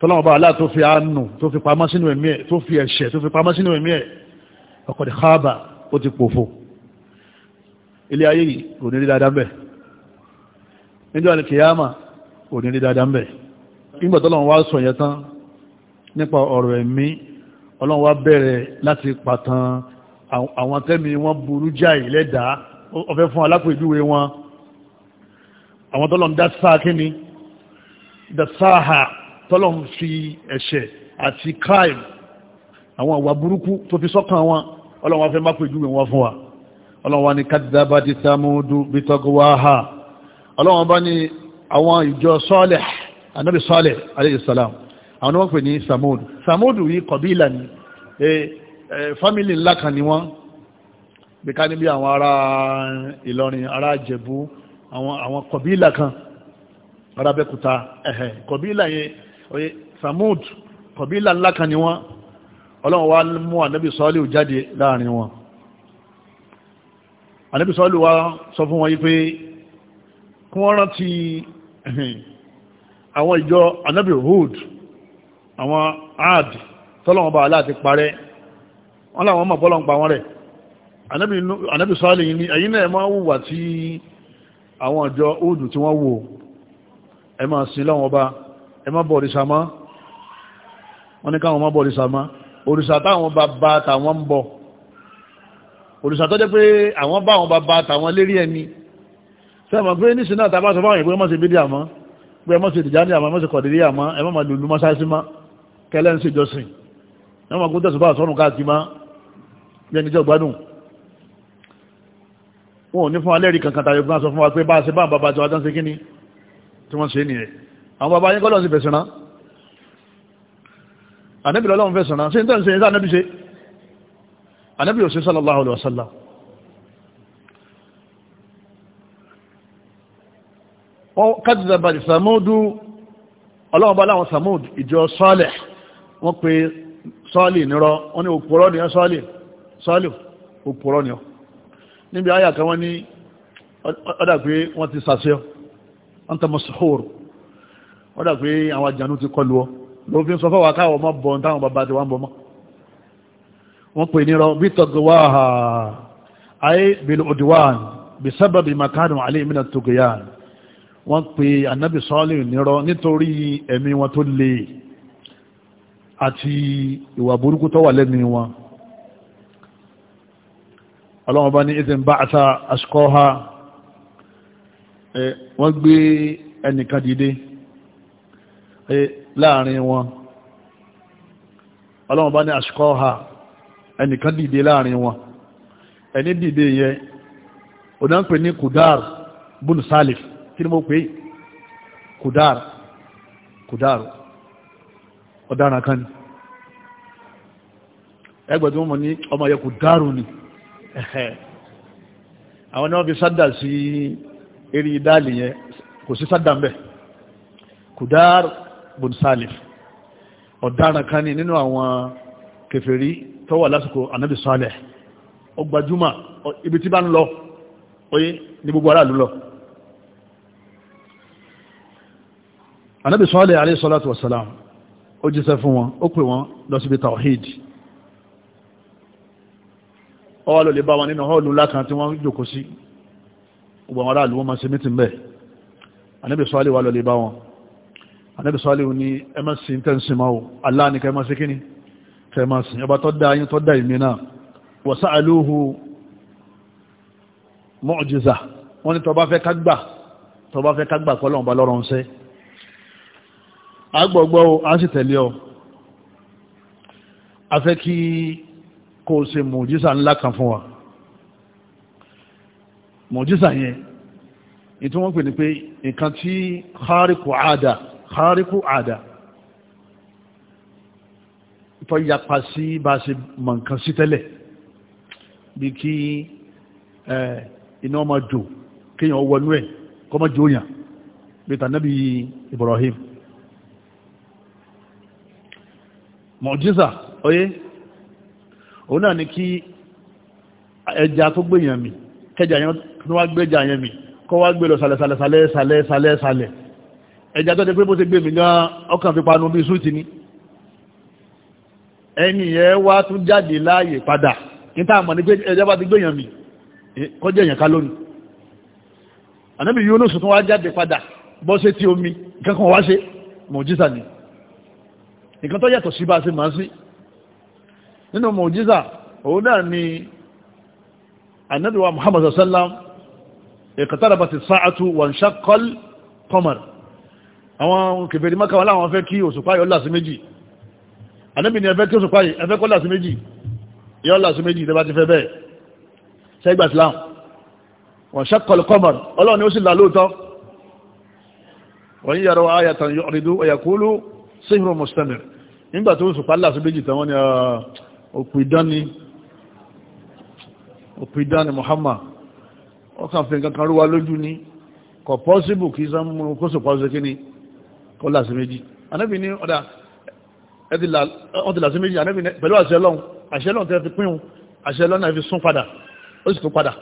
tọ́lọ́mọba aláà tó fi àánú tó fi pamọ́ sínú ẹ̀mí ẹ̀ tó fi ẹ̀ṣẹ̀ tó fi pamọ́ sínú ẹ̀mí ẹ̀ ọkọ̀dẹ̀ káàbà ó ti pòfo ilé ayé yìí kò ní rí dáadáa mbẹ̀ ọ̀fẹ́ fún alápòjúwe wọn àwọn tọ́lọ̀ ń dá sáà kí ni dá sáà tọ́lọ̀ ń fi ẹ̀ṣẹ̀ àti crime àwọn àwà burúkú tó fi sọ́kàn wọn ọlọ́wọ́n fẹ́ má pòjúwe wọn fún wa ọlọ́wọ́n ni kàdàbà ti sàmúdú bí tọ́gọ́wáhà ọlọ́wọ́n bá ní àwọn ìjọ sọ́ọ̀lẹ̀ anábì sọ́ọ̀lẹ̀ aleyhisselam àwọn ni wọ́n pè ní sàmúdù sàmúdù yìí kọ̀bílà ni fámílì ńlá kan ni wọ́n bí ká níbi àwọn ará Ìlọrin ará Ìjẹ̀bú àwọn kọ̀bílà kan ará Bẹ́kúta ẹ̀hẹ̀ kọ̀bílà yẹn oye Samud kọ̀bílà ńlá kan ni wọ́n ọlọ́run wá mú ànábì sọ́ọ́lù jáde láàrin wọn ànábì sọ́ọ́lù wá sọ fún wọn yí pé kí wọ́n rántí àwọn ìjọ ànábì Hud àwọn Ad tọ́lọ́wọ́n bá aláàti parẹ́ wọ́n láwọn mọ̀ bọ́lọ́ ń pa wọ́n rẹ̀ anábì sọ́ọ̀lì ní ẹ̀yin náà máa wùwà tí àwọn àjọ òòdù tí wọ́n wò ẹ máa sin láwọn ọba ẹ má bọ̀ òrìṣà mọ́ wọ́n ní káwọn má bọ̀ òrìṣà mọ́ òrìṣà táwọn bá bá tàwọn ń bọ̀ òrìṣà tó jẹ́ pé àwọn bá àwọn bá bá tàwọn lérí ẹni sẹ́mọ̀ pé ní sinú àtàbà sọ ma lùlù mọ́sáàsí wọn ò ní fún alẹ́rí kankan tàbí gbọ́n sọ fún wa pé bá ṣe bá bàbá tí wọ́n tán ṣe kí ní tí wọ́n ṣe ní ẹ̀ àwọn bàbá yẹn kọ́lọ̀ sí fẹ̀sẹ̀ rán ànẹ́bì sallallahu alaihi wasallam wọ́n kàdìdàbà ìsàmódù ọlọ́run bá láwọn sàmódù ìjọ sọ́ọ̀lẹ̀ wọ́n pe sọ́ọ̀lì nírọ́ wọ́n ní òpòrọ́ ni ọ́ sọ́ọ̀lì sọ́ọ̀lì ni ọ́ níbi ayà kan wọ́n ní ọdá pé wọ́n ti sàṣẹ́ wọ́n tẹ́ mọ́sùhóòrò ọdá pé àwọn àjànú ti kọlu ọ ló fi ń sọ fọ́wọ́ káwọ̀ mọ́ bọ̀ táwọn bàbá ti wá ń bọ̀ mọ́ wọ́n pè nírọ bí tọ́gọ̀wá ayé bílò òdìwàn ọlọ́wọ́n bá ní ìsìn bá àṣà àṣkọ́ ha wọ́n gbé ẹnìkan dìde láàrin wọn ọlọ́wọ́n bá ní àṣkọ́ ha ẹnìkan dìde láàrin wọn ẹni dìde yẹ ọ̀dá ń ní kudar bun salif kí ni mo pè kudar kudar ọ̀daràn ni ẹgbẹ̀tí mọ̀ ní ọmọ yẹ kudaru ni. Kudar, àwọn náà fi sádà sí eré ìdáàlì yẹn kò sí sádà ń bẹ̀ kudar bun salif ọ̀daràn kan ní nínú àwọn kèfèrí tó wà lásìkò anabi salih ó gbajúmọ̀ ibi tí bá ń lọ oyé ní gbogbo aráàlú lọ anabi salih alayhi salatu wasalam ó jíṣẹ́ fún wọn ó pè wọn lọ síbi tawhid ọwá lọ lè bá wọn nínú hall ńlá kan tí wọ́n jòkó sí gbogbo àwọn aráàlú wọn máa ṣe mítìn bẹ́ẹ̀ anábì wà lọ lè bá wọn anábì ní ẹmẹ́sì ń tẹ́ǹsì máa Allah ní kẹ́mẹ́sì kíní kẹ́mẹ́sì ọba tó dá yín tó dá ìmì náà wọ̀sá àlóhu mọ́ọ̀jìzà wọ́n ní tọba fẹ́ kágbà tọba kó se ṣe mùjísà ńlá kan fún wa mùjísà yẹn ìtí wọ́n pè ní pé nǹkan tí kháríkù àdá kháríkù àdá tó yapa sí bá ṣe mọ̀ nǹkan sí tẹ́lẹ̀ bí kí iná ọmọ jò kíyàn wọnú ẹ̀ kọmọ jò yàn bí tànábì Ibrahim mọ̀jísà oyé òun náà ni kí ẹja tó gbé yẹn mi kẹjà yẹn tó wá gbé ẹja yẹn mi kọ́ wá gbé lọ sàlẹ̀ sàlẹ̀ sàlẹ̀ sàlẹ̀ sàlẹ̀ ẹja tó ti pé bó ti gbé mi gan ọkàn fi panu bí súùtì ni ẹni yẹn wá tún jáde láàyè padà níta àmọ́ ni pé ẹja bá ti gbé yẹn mi kọjá yẹn ká lónìí ànábì Yunus tún wá jáde padà bọ́ sí ti omi nǹkan kan wá ṣe mọ̀jísà ni nǹkan tó yàtọ̀ sí bá a ṣe máa ń sí nínú mọ̀jíza òun náà ni annabiwa muhammad sallam ìkàtàrà bá ti sáàtù wọn ṣakọl kọmar àwọn kèfèrí maka wọn láwọn fẹ́ kí òṣùpá yọ́lá sí méjì annabi ni ẹfẹ́ kí òṣùpá yìí ẹfẹ́ kọ́lá sí méjì yọ́lá sí méjì tẹ́bá ti fẹ́ bẹ́ẹ̀ sẹ́gbà islam wọn ṣakọl kọmar ọlọ́run ni ó sì là lóòótọ́ wọ́n yàrá ayatan yọ̀rìdú ọ̀yàkúlù síhùrù mustamir nígbà tó òṣùpá là méjì tẹ́wọ́n ni ọ̀ọ́ ah, òpìdánni òpìdánni Muhammad ọkàn fi nǹkan kan rúwa lójú ní kọ̀ pọ́síbù kí sánmù kó sọ pọ́sí kí ni kó làsí méjì anábì ní ọ̀dà wọ́n ti làsí méjì anábì pẹ̀lú àṣẹ lọ́hun àṣẹ lọ́hun tẹ́ fi pín àṣẹ lọ́nà fi sún padà ó sì tún padà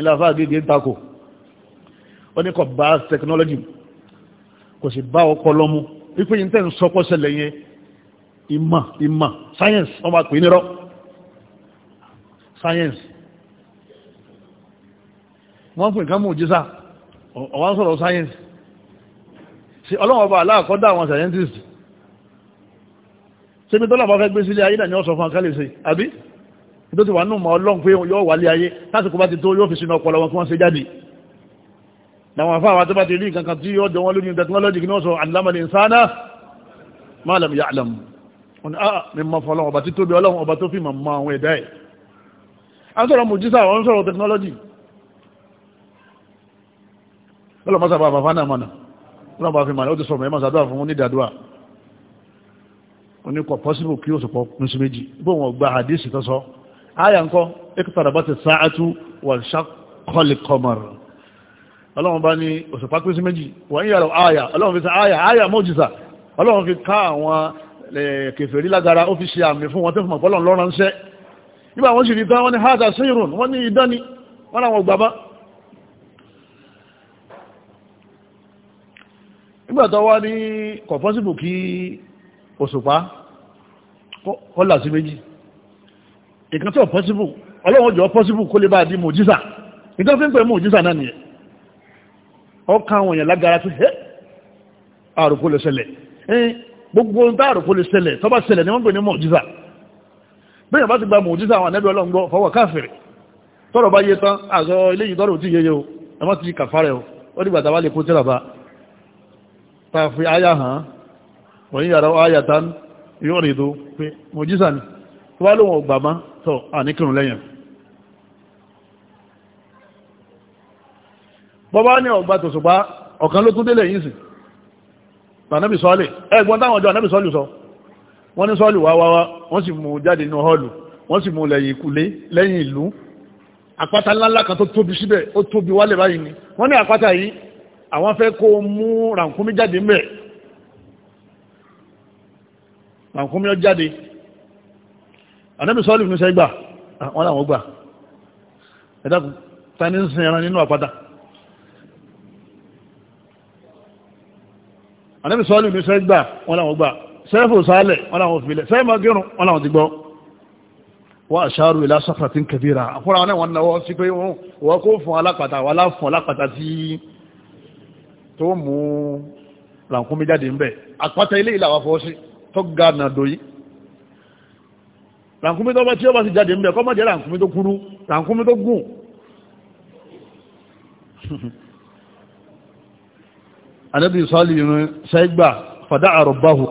ilẹ̀ àfáà ní kọ̀ bá technology kò sì bá ọpọlọ mu wípé yìí tẹ́ ń sọpọ́ ṣẹlẹ̀ yẹn ìmọ̀ ìmọ̀ science wọ́n máa pè nírọ́ science wọ́n pè nǹkan mú jísà ọ̀wọ́n sọ̀rọ̀ science sí ọlọ́wọ́ bá aláàkọ́dá àwọn scientist ṣe mi tọ́lọ̀ bá fẹ́ gbé sílé ayé dà ní ọ̀sọ̀ fún akálẹ̀ sí àbí tó ti wà nù mọ́ ọlọ́n pé yóò wà lé ayé lásìkò bá ti tó yóò fi sínú ọpọlọ wọn kí wọ́n ṣe jáde làwọn afá àwọn tó bá ti tí yóò jọ wọn lórí technology ní ọ̀sọ̀ àlámàlì insana ma lam ya'lam wọn ah mi ma fọ́ ọlọ́run ọba tí tóbi ọlọ́run ọba tó fi ma mọ àwọn ẹ̀dá ẹ̀ a ń sọ̀rọ̀ mùjísà wọ́n ń sọ̀rọ̀ technology ọlọ́run mọ́sàbà àbàfà náà mọ̀nà ọlọ́run bá fi mọ̀nà ó ti sọ̀rọ̀ ẹ̀ mọ́sàdúrà fún onídàdúrà oníkọ̀ pọ́sibò kí ó sọ̀pọ̀ pínsí méjì bó wọn gba àdísì tó sọ áyà ńkọ́ ẹkùtàràbá ti sáàtú wà ṣàkọlì kọmọ̀rọ̀ ọlọ́run bá wọ́n yàrá áyà ọlọ́run fi sa áyà áyà mọ́jìsà ọlọ́run fi ká àwọn kèfèrí lágara ó fi ṣe àmì fún wọn tó fún ọ̀pọ̀lọ̀ lọ́rọ̀ ń ṣẹ́ nígbà wọ́n sì rí tán wọ́n ní hada sírùn wọ́n ní ìdáni wọ́n àwọn gbàbá nígbà tó wá ní kọ̀pọ́sìbò kí òṣùpá kọ́là sí méjì ìkan tó pọ́sìbò ọlọ́wọ́n jọ pọ́sìbò kó lè bá di mòjísà ìtọ́ fi ń pè mòjísà náà nìyẹn ọkà àwọn èèyàn lágara tó ṣe àrùkú lè ṣẹlẹ̀ gbogbo ń táàrù kò lè ṣẹlẹ̀ tọ́bá ṣẹlẹ̀ ni wọ́n pè ní mọ̀jíza bẹ́ẹ̀ bá ti gba mọ̀jíza àwọn ànábì Ọlọ́run gbọ́ fọwọ́ káfẹ̀rẹ̀ tọ́rọ bá yé tán àzọ ilé yìí tọ́rọ tí yeye o ẹmọ́ ti kàfàrẹ̀ o ó dìgbà tàbá lè kó tíra bá ta fi aya hàn wọ́n yàrá aya tán yóò rí do pé mọ̀jíza ni tó bá lóun ọgbà má tọ́ àníkìrùn lẹ́yìn bọ́bá ní ọgbà tòṣùpá ọ̀kan ló tún délẹ̀ yìí sìn nàbì sọ́ọ̀lì ẹgbọ́n táwọn ọjọ́ nàbì sọ́ọ̀lì sọ wọ́n ní sọ́ọ̀lì wá wáwá wọ́n sì mú jáde inú họ́ọ̀lù wọ́n sì mú lẹ́yìn ìkúlé lẹ́yìn ìlú àpáta ńláńlá kan tó tóbi síbẹ̀ ó tóbi wálẹ̀ báyìí ni wọ́n ní àpáta yìí àwọn fẹ́ kó mú rànkúmí jáde ń bẹ̀ rànkúmí ó ah, àpáta ànábì sọ́ọ́lù ní sẹ́gbà wọn làwọn gbà sẹ́fù sálẹ̀ wọn làwọn filẹ̀ sẹ́mà gírun wọn làwọn ti gbọ́ wọ́n aṣáàrù ilá sọ́fàtín kẹbíra àkúrà wọn náà náwọ́ sí pé wọ́n kó fún alápàtà wọ́n láfún alápàtà sí tó mú làǹkúnmí jáde ń bẹ̀ àpáta ilé ìlà wàfọ́ tó ga nà dòyí làǹkúnmí tó bá tí ó bá sì jáde ń bẹ̀ kọ́ mọ́ jẹ́ làǹkúnmí tó kúrú làǹkúnmí tó gùn [laughs] anábì sọ́lì ìrìn sẹ́gbà fàdá àrọ̀báhù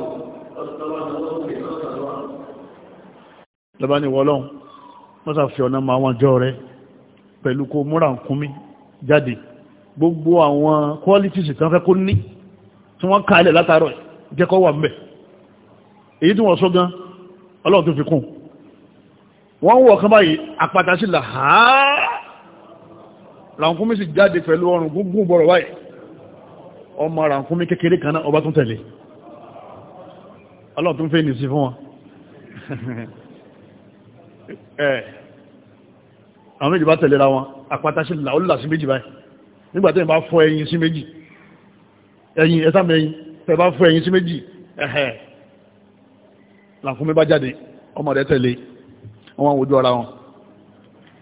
lọ́bá ni wọ́lọ́n wọ́n sàfihàn ọ̀nà ma wọn jọ rẹ pẹ̀lú kó múra nkúnmí jáde gbogbo àwọn qualities kan fẹ́ kó ní tí wọ́n kàálẹ̀ látàrọ̀ jẹ́kọ́ wà mẹ́ èyí tí wọ́n sọ gan ọlọ́run tó fi kún wọ́n wọ̀ kán báyìí àpàtà sí là háà làǹkúnmí sì jáde pẹ̀lú ọrùn gúngún bọ̀rọ̀ báyìí ọmọ ara fún mi kékeré kan náà ọba tún tẹ̀lé ọlọ́run tún fẹ́ nìsí fún wọn [laughs] eh, àwọn méjì bá tẹ̀lé ra wọn àpáta sí là ó là sí méjì báyìí nígbà tẹ́yìn bá fọ ẹyin sí méjì ẹyin ẹ̀sà mẹ́yìn tẹ́ bá fọ ẹyin sí méjì ẹ̀hẹ̀ làǹfọ̀mí bá jáde ọmọ tẹ̀lé wọn wojú ara wọn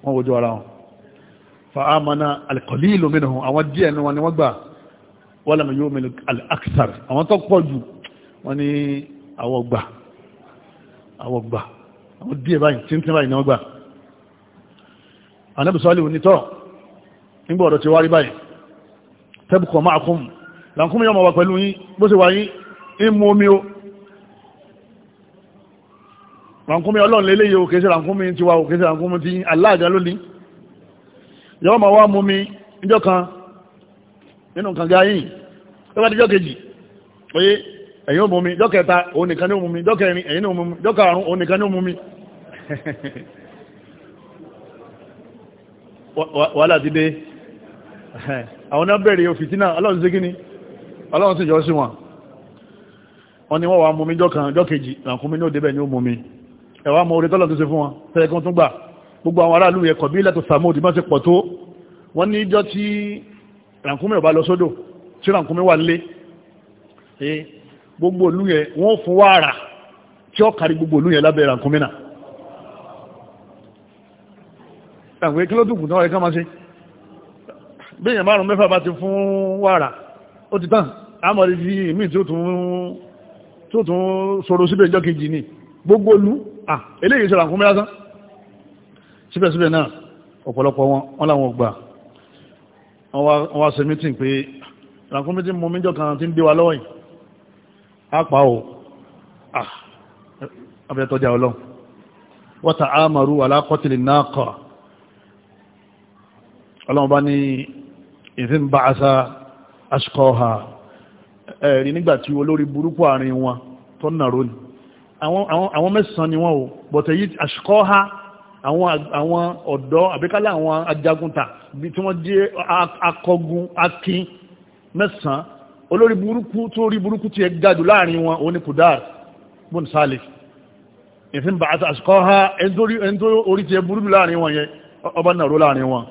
wọn wojú ara wọn fa amana al-qalilu minhum àwọn díẹ̀ ni wọn ni wọ́n gbà wọ́n lọ́mọ yóò mẹ́lẹ̀ al-aksar àwọn tó pọ̀ jù wọ́n ní àwọn gbà àwọn gbà àwọn díẹ̀ báyìí tí ń tí báyìí náà gbà anábìsọ́lẹ̀ onítọ́ nígbà ọ̀dọ̀ ti wárí báyìí tẹ́bùkọ̀ máa kún làkúnmí yọmọ wà pẹ̀lú yín bó ṣe wà yín ń mú omi o rànkúnmí ọlọ́run lélẹ́ yìí òkèsè rànkúnmí ti wà òkèsè rànkúnmí ti aláàjá lónìí yọmọ wá mú mi níjọ́ kan nínú kànga yìí lọ́gbà díjọ́ kejì oye ẹ̀yin ò mú mi dọ́kẹta òun nìkan ní ò mú mi dọ́kẹrin ẹ̀yin ò mú mi dọ́kàrún òun nìkan ní ò mú mi [laughs] wàhálà ti dé [laughs] àwọn náà bẹ̀rẹ̀ òfìtínà ọlọ́run sí kíní ọlọ́run sì jọ sí wọn wọ́n ni wọ́n wà mú mi dọ́kan dọ́kejì làkúnmí ní òdébẹ̀ ní ó mú mi ẹ̀wà wọ́n ní ìjọ tí rànkúnmí ọba lọ sódò tí rànkúnmí wà lé gbogbo olú yẹn wọ́n fún wàrà tí ó kárí gbogbo olú yẹn lábẹ́ rànkúnmí náà àwọn ekílódùkù náà ẹ̀ká máa ṣe bí èyàn márùn mẹ́fà bá ti fún wàrà ó ti tán àmọ́rí sí ìmí tí ó tún sọ̀rọ̀ síbẹ̀ ìjọ kejì ní gbogbo olú eléyìí sọ̀rọ̀ àkúnmẹ́lásán síbẹ̀síbẹ̀ náà ọ̀pọ̀lọpọ̀ wọn láwọn gbà wọ́n wá ṣe mítìn pé ràkúnmí tí mú míjọ kan tí ń gbé wa lọ́wọ́ yìí á pa ò àbẹ̀tọ́jà ọlọ́ wọ́ta àmàrú alákọ́tìlì náà kọ̀ ọlọ́run bá ní ìfín bá aṣá aṣkọ́ha ẹ̀rí nígbàtí olórí burúkú àárín wọn tó nàró ni àwọn mẹ́sàn-án ni wọ́n ò bọ̀tẹ̀ yìí aṣkọ́ha àwọn ọ̀dọ́ àbíkálẹ̀ àwọn ajagunta bí tí wọ́n jẹ́ akọgun akin mẹ́sàn olórí burúkú tó rí burúkú tí ẹ gàjù láàrin wọn òní kùdár bùn sálif ìfín bá àti àṣìkọ́ ha ẹni tó orí tí ẹ burúkú láàrin wọn yẹ ọba nàró láàrin wọn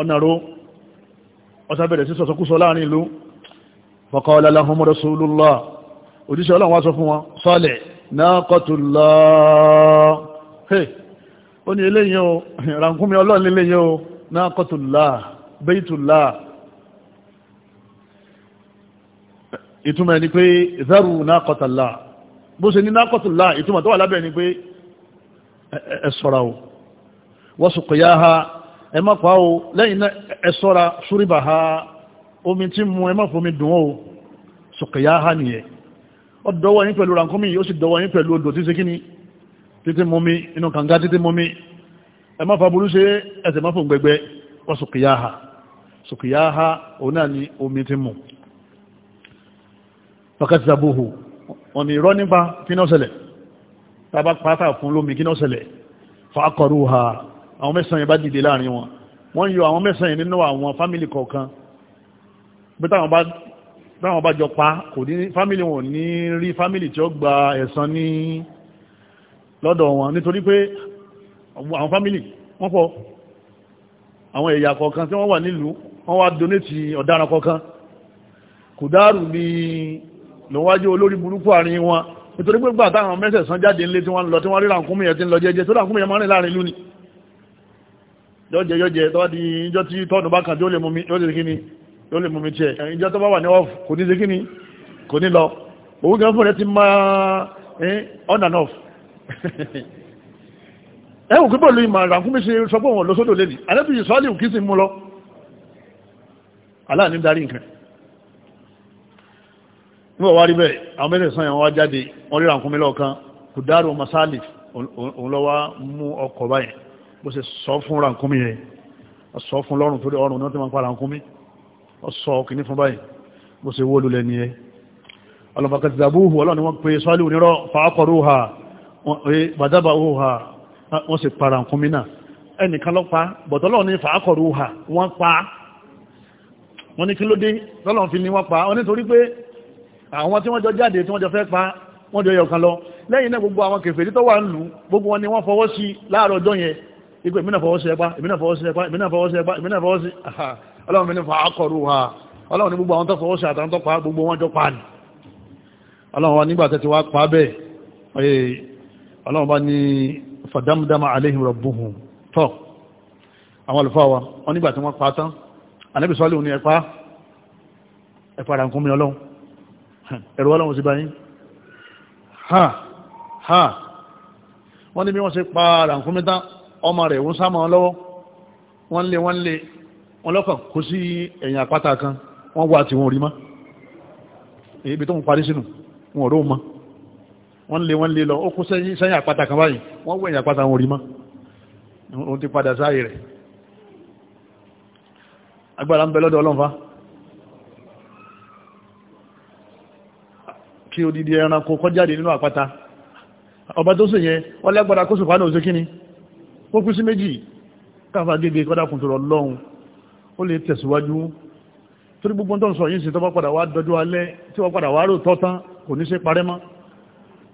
ọ̀nàró ọ̀sábẹ̀rẹ̀ sí sọ̀sọ́kúsọ láàrin ìlú faqala lahum rasulullah òjíṣẹ́ ọlọ́run wá sọ fún wọn sọ́lẹ̀ naqatullah ó ní eléyìn o ràǹkúnmí ọlọ́run eléyìn o náà kọ́tùlá bẹ́ẹ̀tùlá ìtumọ̀ ni pé zaru náà bó ṣe ní náà kọ́tùlá ìtumọ̀ tó wà lábẹ́ ni pé ẹ o wọ́n sùkúyá ha ẹ má pa o lẹ́yìn náà ẹ ha omi tí mu ẹ má fomi dùn o ha nìyẹn ó dọwọ́ yín pẹ̀lú ó sì dọwọ́ yín pẹ̀lú odò tí ṣe títí mú mi inú kànga títí mú mi ẹ má faburú ṣe ẹsẹ̀ má fún gbẹgbẹ wọ́n sùkìyáha sùkìyáha òun náà ni omi ti mú fàkàtí sàbòhù ọ̀nà ìrọ́ nípa kí náà ṣẹlẹ̀ tàbá pátá fún lómi kí náà ṣẹlẹ̀ fàákọrù ha àwọn mẹ́sàn yẹn bá dìde láàrin wọn wọ́n yọ àwọn mẹ́sàn yẹn nínú àwọn fámìlì kọ̀ọ̀kan bí táwọn bá jọ pa kò ní fámìlì wọn ní rí fámìlì tí ó gba ẹ̀san ní lọ́dọ̀ wọn nítorí pé àwọn fámílì wọ́n pọ̀ àwọn ẹ̀yà kọ̀ọ̀kan tí wọ́n wà nílùú wọ́n wá donate ọ̀daràn kọ̀ọ̀kan kùdárù ni lọ́wájú olórí burúkú àárín wọn nítorí pé gbà táwọn mẹ́sẹ̀sán jáde nílé tí wọ́n lọ tí wọ́n rí ràǹkúnmí yẹn tí ń lọ jẹ́jẹ́ ni jọ́jẹ́ jọ́jẹ́ tó wá di ìjọ tí tọ́ọ̀nù bá kàn tí ó lè mú mi tiẹ̀ ìjọ tó bá wà ní ọ́f kò ní ṣe kíni kò ní lọ òun gan fún rẹ ti máa on ẹ wò pípọ̀ lóyìn màrà fún mi ṣe sọ pé òun lọ́sọ́dọ̀ lẹ́nì àlẹ́bí ìsọ́lì òkí sì mú lọ aláàní darí nǹkan ní ọ̀wá rí bẹ́ẹ̀ àwọn mẹ́rẹ̀sán yẹn wá jáde wọ́n rí ràǹkúnmí lọ́ọ̀kan kò dárò masálì òun lọ́wọ́ mú ọkọ̀ báyìí bó ṣe sọ fún ràǹkúnmí yẹn sọ fún lọ́rùn torí ọrùn náà ti máa ń pa ràǹkúnmí sọ kìíní fún báyìí bó ṣe wó lulẹ̀ nìyẹn ọlọ́mọkàtìdàbúhù ọlọ́ni wọ́n pe sọ́lì onírọ̀ fàákọ̀rú ha bàdábà owó ha wọ́n sì para nǹkan mi náà ẹnìkan lọ pa bọ̀tọ́lọ́ ní fàákọ̀rọ̀ ha wọ́n pa wọ́n ní kí ló dé tọ́lọ̀ fi ní wọ́n pa wọ́n nítorí pé àwọn tí wọ́n jọ jáde tí wọ́n jọ fẹ́ pa wọ́n jọ yọ̀kan lọ lẹ́yìn náà gbogbo àwọn kèfèrí tó wà ń lù gbogbo wọn ni wọ́n fọwọ́ sí láàárọ̀ ọjọ́ yẹn ipò ìmìnà fọwọ́ sí ẹpá ìmìnà fọwọ́ sí ẹpá ìmìnà fọwọ́ sí ẹpá ìmìnà fọwọ́ sí ọlọ́run mi ní fàákọ̀rọ̀ ha ọlọ́run ní gbogbo àwọn tó fọwọ́ sí àtàwọn tó pa gbogbo wọn jọ pa ni ọlọ́run wa nígbà tẹ́ ti wá pa bẹ́ẹ̀ eh, ọlọ́run bá ní fàdámdámà aléhìn rọ̀bùhùn tọ́ àwọn alùfáwà wọn nígbà tí wọ́n pa tán anábì sọ́lé òní ẹ̀pá ẹ̀pá ra nkúnmí ọlọ́run [laughs] ẹ̀rọ ọlọ́run sí bá yín ha ha wọ́n ní bí wọ́n ṣe pa ra nkúnmí tán ọmọ rẹ̀ wọ́n sá mọ́ lọ́wọ́ wọ́n lé wọ́n lé wọ́n lọ́kàn kó sí ẹ̀yìn àpáta kan wọ́n wá tí wọ́n rí mọ́ èyí bí tó ń parí sínú wọn ò róò mọ́ wọ́n lé wọ́n lé lọ ó kú sẹ́yìn àpáta kan báyìí wọ́n wẹ̀yìn àpáta wọn rí mọ́ oun ti padà sáàyè rẹ̀ agbára ń bẹ lọ́dọ̀ ọlọ́nfà kí odidi ẹranko kọjáde nínú àpáta ọba tó sì yẹn wọ́n lágbára kó sùpá náà sí kíní ó kú sí méjì káfà gẹ́gẹ́ kọ́dákùn tó rọ lọ́hun ó lè tẹ̀síwájú torí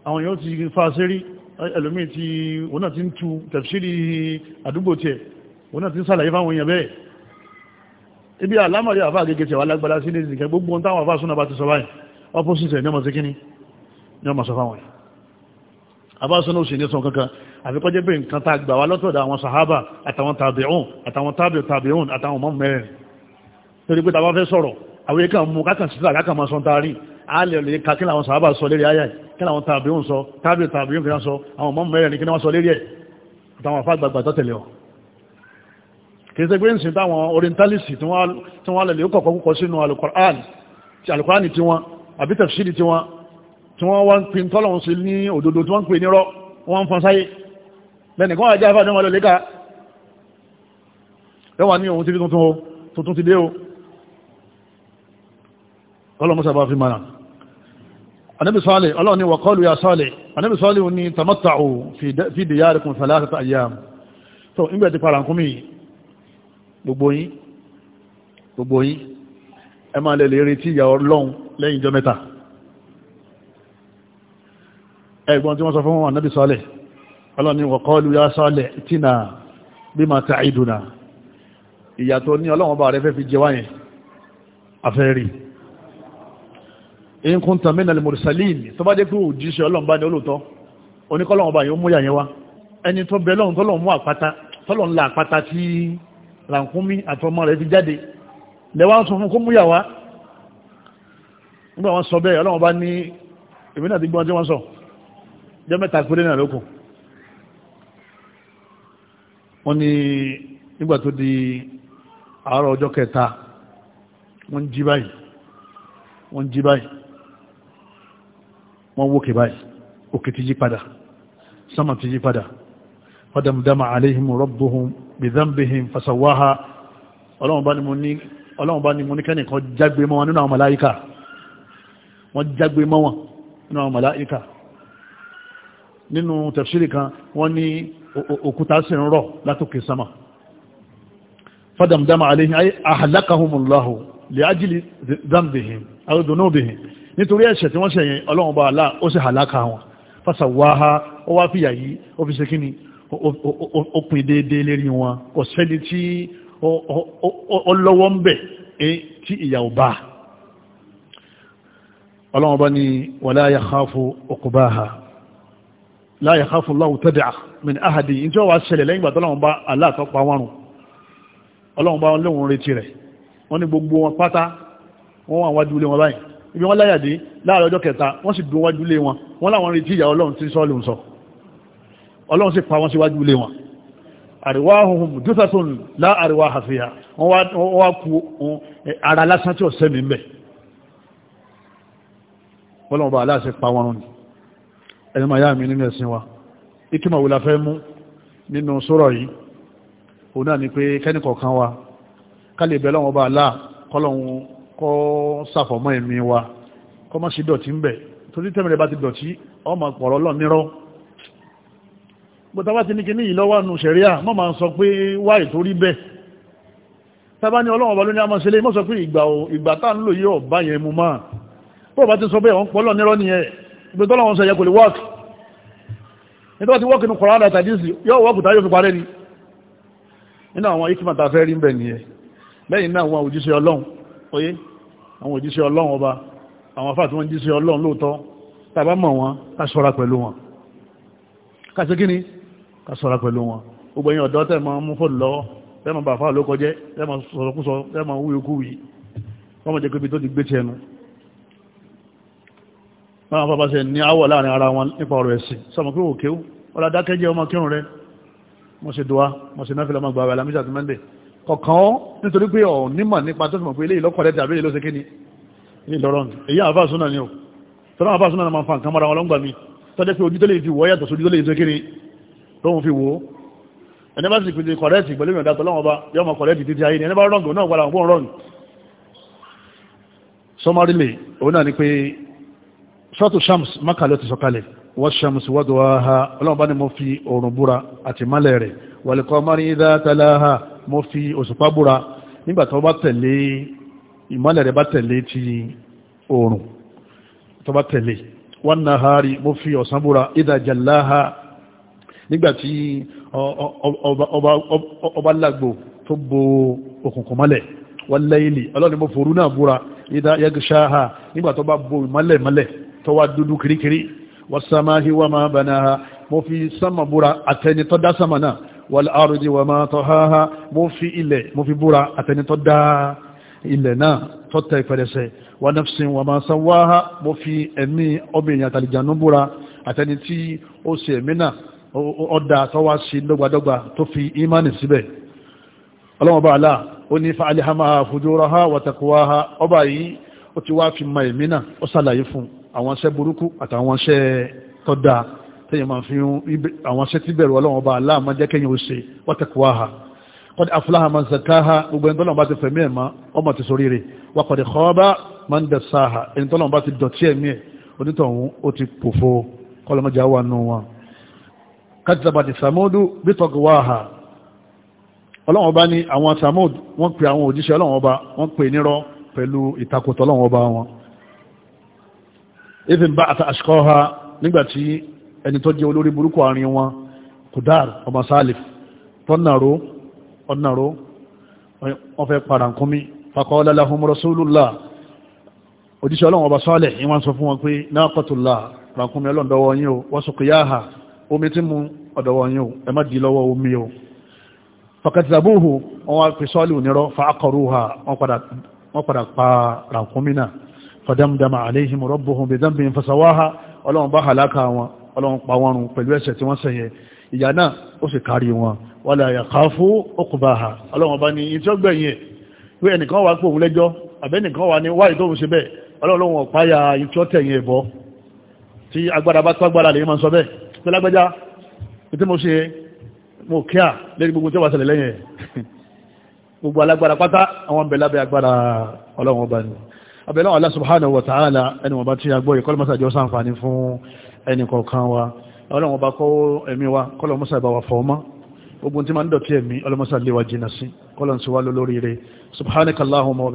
àwọn yóò ti fa sérí ẹlòmí tí wọ́n náà ti ń tu tẹ̀fṣírí àdúgbò tẹ̀ wọ́n náà ti ń sàlàyé fáwọn èèyàn bẹ́ẹ̀ ibi àlámọ̀rí àfá àgẹ́gẹ́ tẹ̀wà lágbàlá sí ní ìsìnkẹ́ gbogbo ohun táwọn àfá súnà bá ti sọ báyìí opposite ẹ̀ ní ọmọ sí kíní ní ọmọ sọ fáwọn àfá súnà òsì ní sọ kankan àfikọ́jẹ́ pé nǹkan tá gbà wá lọ́tọ̀dọ̀ àwọn sahaba àtàwọn tàbíùn àtàwọn tàbíù tàbíùn àtàwọn kí làwọn tàbíhùn sọ káàbí tàbíhùn kìí sọ àwọn ọmọ mẹ́rin kí wọ́n sọ lérí ẹ̀ àtàwọn afá gbàgbà tó tẹ̀lé ọ kìí ṣe gbé ń sin táwọn orientalist tí wọ́n lẹ̀lẹ̀ ó kọ̀kọ́ púpọ̀ sínú alukurani tí wọ́n àbí tafsiri tí wọ́n tí wọ́n wá ń pin tọ́lọ̀hún sí ní òdodo tí wọ́n ń pè nírọ́ wọ́n ń fọn sáyé lẹ́nìkan wà jẹ́ afá ní wọn lọ léka ẹwà ní ohun tí tuntun ti dé o anábì sọ́ọ̀lẹ̀ ọlọ́run ni wọ̀kọ́lù ya sọ́ọ̀lẹ̀ anábì sọ́ọ̀lẹ̀ ni tamatta'u fi diyarikum thalathata ayyam tó ń gbẹ̀dẹ̀ para nkúmí gbogbo yín gbogbo yín ẹ máa lè lè retí ìyà ọlọ́run lẹ́yìn jọ mẹ́ta ẹgbọ́n tí wọ́n sọ fún anábì sọ́ọ̀lẹ̀ ọlọ́run ni wọ̀kọ́lù ya sọ́ọ̀lẹ̀ tina bima ta'iduna ìyà tó ní ọlọ́run bá rẹ fẹ́ fi jẹ wáyẹn afẹ́rí in kunta min al-mursalin tó bá dé pé òjíṣẹ́ ọlọ́run bá ní olóòtọ́ oníkọ́lọ́run bá yóò mú yàyẹn wá ẹni tó bẹ lọ́run tọ́lọ́run mú àpáta tọ́lọ́run la àpáta tí rànkúnmí àtọmọ rẹ̀ ti jáde lẹ́wà sọ fún kó mú yà wá nígbà wọn sọ bẹ́ẹ̀ ọlọ́run bá èmi náà ti gbọ́n tí wọ́n sọ jẹ́ mẹ́ta péré náà lókun wọ́n ní nígbà tó di àárọ̀ ọjọ́ kẹta wọ́n jí báyìí wọ́n jí báyìí wọ́n wókè báyìí òkè ti yí padà sánmà ti yí padà fadamdama aléhìm rabbuhum bidhanbihim fasawaha ọlọ́run bá ní mo ní kẹ́nìkan jágbe mọ́ wọn nínú àwọn màláíkà wọ́n jágbe mọ́ wọn nínú àwọn màláíkà nínú tafsiri kan wọ́n ní òkúta sí rọ̀ látòkè sánmà fadamdama aléhìm ahlakahumullahu lè ájìlì dambihim àrùdùnúbihim nítorí ẹ̀ṣẹ̀ tí wọ́n ṣe yẹn ọlọ́run bá aláà ó sì hàlákà wọn fásàwáhá ó wá fìyà yìí ó fi ṣe kí ni ó pin déédéé lérí wọn kò sẹ́ni tí ó lọ́wọ́ ń bẹ̀ tí ìyà ò bá ọlọ́run bá ní wà la yakhafu uqbaha la yakhafu Allahu tad'a min ahadi ìjọ wa ṣẹlẹ̀ lẹ́yìn gbàtọ́lọ́run bá aláà tọ́pa wọ́n ní gbogbo wọn pátá wọ́n wà wájú ilé wọn báyìí ibi wọ́n láyàdé láàrọ̀ ọjọ́ kẹta wọ́n sì dùn wájú ilé wọn wọ́n láwọn retí ìyà ọlọ́run tí sọ́ọ̀lù ń sọ ọlọ́run sì pa wọ́n sí wájú wọn àríwá ohun jùsàtún láàríwá àfihà wọ́n wá ku ara lásán tí ó sẹ́mi mbẹ̀ ọlọ́run bá aláṣẹ pa wọn mi nínú ẹ̀sìn wa ikima wo la fẹ́ mú nínú sọ́rọ̀ yìí òun náà wa kálí ìbẹ̀ lọ́wọ́ bá aláà kọ́lọ́hún kọ́ sàfọ̀mọ́ ẹ̀mí wa kọ́ má sí dọ̀tí ń bẹ̀ torí tẹ́mẹ̀rẹ̀ bá ti dọ̀tí ọmọ pọ̀rọ̀ lọ́mírọ́ bọ́tá bá ti ní kíní yìí lọ́wọ́ nù sẹ̀ríà mọ́ máa sọ pé wá ìtorí bẹ́ẹ̀ tábà ní ọlọ́wọ́ bá ló ní amọ̀sẹ̀lẹ̀ mọ́ sọ pé ìgbà ò ìgbà tá ń lò yóò bá yẹn mu máa bọ́ọ̀ bá ti sọ bẹ́ẹ̀ wọ́n pọ̀ lẹ́yìn náà àwọn òjíṣẹ́ ọlọ́run oyé àwọn òjíṣẹ́ ọlọ́run ọba àwọn afáàtí wọ́n jíṣẹ́ ọlọ́run lóòtọ́ tàbá mọ̀ wọn ká ṣọ́ra pẹ̀lú wọn kàṣẹ kí ni ká ṣọ́ra pẹ̀lú wọn gbogbo ẹ̀yin ọ̀dọ́ tẹ́ máa mú fóònù lọ́wọ́ tẹ́ máa bàfà ló kọjẹ́ tẹ́ máa sọ̀rọ̀kúsọ tẹ́ máa wúyọ kú yìí wọ́n mọ̀ jẹ́ pébi tó ti gbé tiẹnu báwọn bàbá ṣe ní àwọ̀ láàrin ara wọn nípa ọ̀rọ̀ ẹ̀sìn sọmọ pé òkèw ọ̀làdákẹ́jẹ́ ọmọ kírun rẹ mo ṣe dùwà mo ṣe náfìlà ọmọ gbàgbà lámísà tó mẹ́ndẹ̀ẹ́ kọ̀kan ọ́ nítorí pé ọ̀ nímọ̀ nípa tó fìmọ̀ pé ilé ìlọ́kọ̀ rẹ̀ tàbí ìlọ́sẹ̀ kí ni ilé ìlọ́rọ̀ ni èyí àfáà ni ó tọ́lá àfáà súnà máa fa nǹkan mara wọn lọ́ngbà mi tọ́jẹ́ pé ojútọ́lé ti wọ́ yàtọ̀ sójútọ́lé ti kí ni lóhun fi wò ó ẹni bá sì pèsè kọ̀rẹ́ẹ̀tì pẹ̀lú ìrìnàdà tọ́lá wọn bá yọ ọmọ kọ̀rẹ́ẹ̀tì títí shams makalẹ̀ ti sọ̀kalẹ̀ wọ́n shams ha ọlọ́run bá ní mo fi òrùn búra àti málẹ̀ mo fi òṣùpá búra nígbà tó bá tẹ̀lé ìmọ́lẹ̀ rẹ̀ bá tẹ̀lé ti oòrùn tó bá tẹ̀lé wan nahari mo fi ọ̀sán búra idha jallaha nígbà tí ọba lágbò tó bo òkùnkùn mọ́lẹ̀ wal layli ọlọ́ni mo fòrú náà búra idha yaghshaha nígbà tó bá bo ìmọ́lẹ̀ mọ́lẹ̀ tó wá dúdú kirikiri was samahi wa ma banaha mo fi sánmà búra àtẹni tó dá náà wal-ardi wa ma tahaha mo fi ilẹ̀ mo fi búra àtẹnitọ́ dá ilẹ̀ náà tọ́tẹ̀ ìpẹ̀lẹ̀sẹ̀ wa nafsin wa ma sawaha mo fi ẹ̀mí ọmọbìnrin àtàlìjànú búra àtẹni tí ó ṣe ẹ̀mí náà ọ̀dà tọ́wá sí dọ́gbadọ́gba tó fi ìmánì síbẹ̀ ọlọ́mọba aláà ó ní fa'alhamaha fujuraha wa taqwaha ọba yìí ó ti wá fi ma ẹ̀mí náà ó sàlàyé fún àwọn iṣẹ́ burúkú àtàwọn iṣẹ́ tọ́dáa tẹ́yìn máa fi àwọn ṣẹ́ tí bẹ̀rù ọlọ́run bá aláàmọ́ jẹ́ kẹ́yìn ó ṣe wọ́tẹ̀kùwáhà kọ́dí afúláhà máa zakaha gbogbo ẹni tọ́lọ́run bá ti fẹ̀mí ẹ̀ má ọmọ ti sórí rẹ̀ wà kọ́dí kọ́ọ́bá máa ń dẹ̀ sáà ẹni tọ́lọ́run bá ti dọ̀tí ẹ̀mí ẹ̀ onítọ̀hún ó ti pòfo kọ́lọ́mọjà wà nù wọn. kájàbàdì sàmódù bí tọ́gùwáhà ọlọ́run ọba ní àwọn samud wọ́n pe àwọn òjíṣẹ́ ọlọ́run ọba wọ́n pe nírọ́ even bá àtàṣkọ́ ha nígbàtí ẹni tó jẹ́ olórí burúkú àárín wọn kudar ọmọ salif tọ́nàró ọ̀nàró wọ́n fẹ́ parankumi faqala lahum rasulullah òjíṣẹ́ ọlọ́run ọba sọ́ọ̀lẹ̀ yí wọ́n sọ fún wọn pé naqatullah rankumi ọlọ́ndọwọ́ yín o wa suqiyaha omi tí mu ọ̀dọ̀wọ́ yín o ẹ má di lọ́wọ́ omi o fakatizabuhu wọn wá pè ọlọ́run bá halaka wọn ọlọ́run pa wọn run pẹ̀lú ẹ̀ṣẹ̀ tí wọ́n ṣẹ̀ ìyà náà ó sì kárí wọn wala yakhafu uqbaha ọlọ́run ọba ní ìtí ọgbẹ̀ yẹn pé ẹnìkan wà pòun lẹ́jọ́ àbẹ́nìkan wà ní wáyé tóun ṣe bẹ́ẹ̀ ọlọ́run ọ̀páyà ìtí ọ̀tẹ̀ yẹn bọ́ tí agbára bá tó agbára lè máa sọ bẹ́ẹ̀ pé lágbájá ètí mo ṣe mo kíà lórí [laughs] gbogbo alágbára pátá àwọn bẹ̀ agbára ọlọ́run ọba ni abẹ́lẹ́ Allah subhanahu wa ta'ala ẹni wọ́n bá ti agbóyè kọ́lọ́mọ́sàjọ́ sáǹfààní fún ẹni kọ̀ọ̀kan wa ọlọ́run ọba kọ́ ẹ̀mí wa kọ́lọ̀ mọ́sá ìbá wa fọ́ọ́mọ́ ogun tí ma ń dọ̀tí ẹ̀mí ọlọ́mọ́sá lè wa jìnà sí kọ́lọ̀ sí wa lórí rẹ̀ subhanakallahumma wa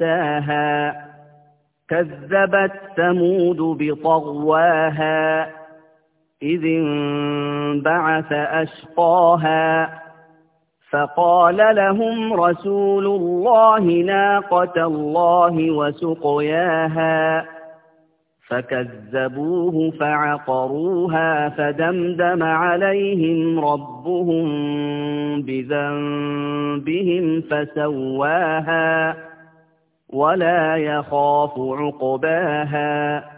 دساها كذبت ثمود بطغواها إذ انبعث أشقاها فقال لهم رسول الله ناقة الله وسقياها فكذبوه فعقروها فدمدم عليهم ربهم بذنبهم فسواها ولا يخاف عقباها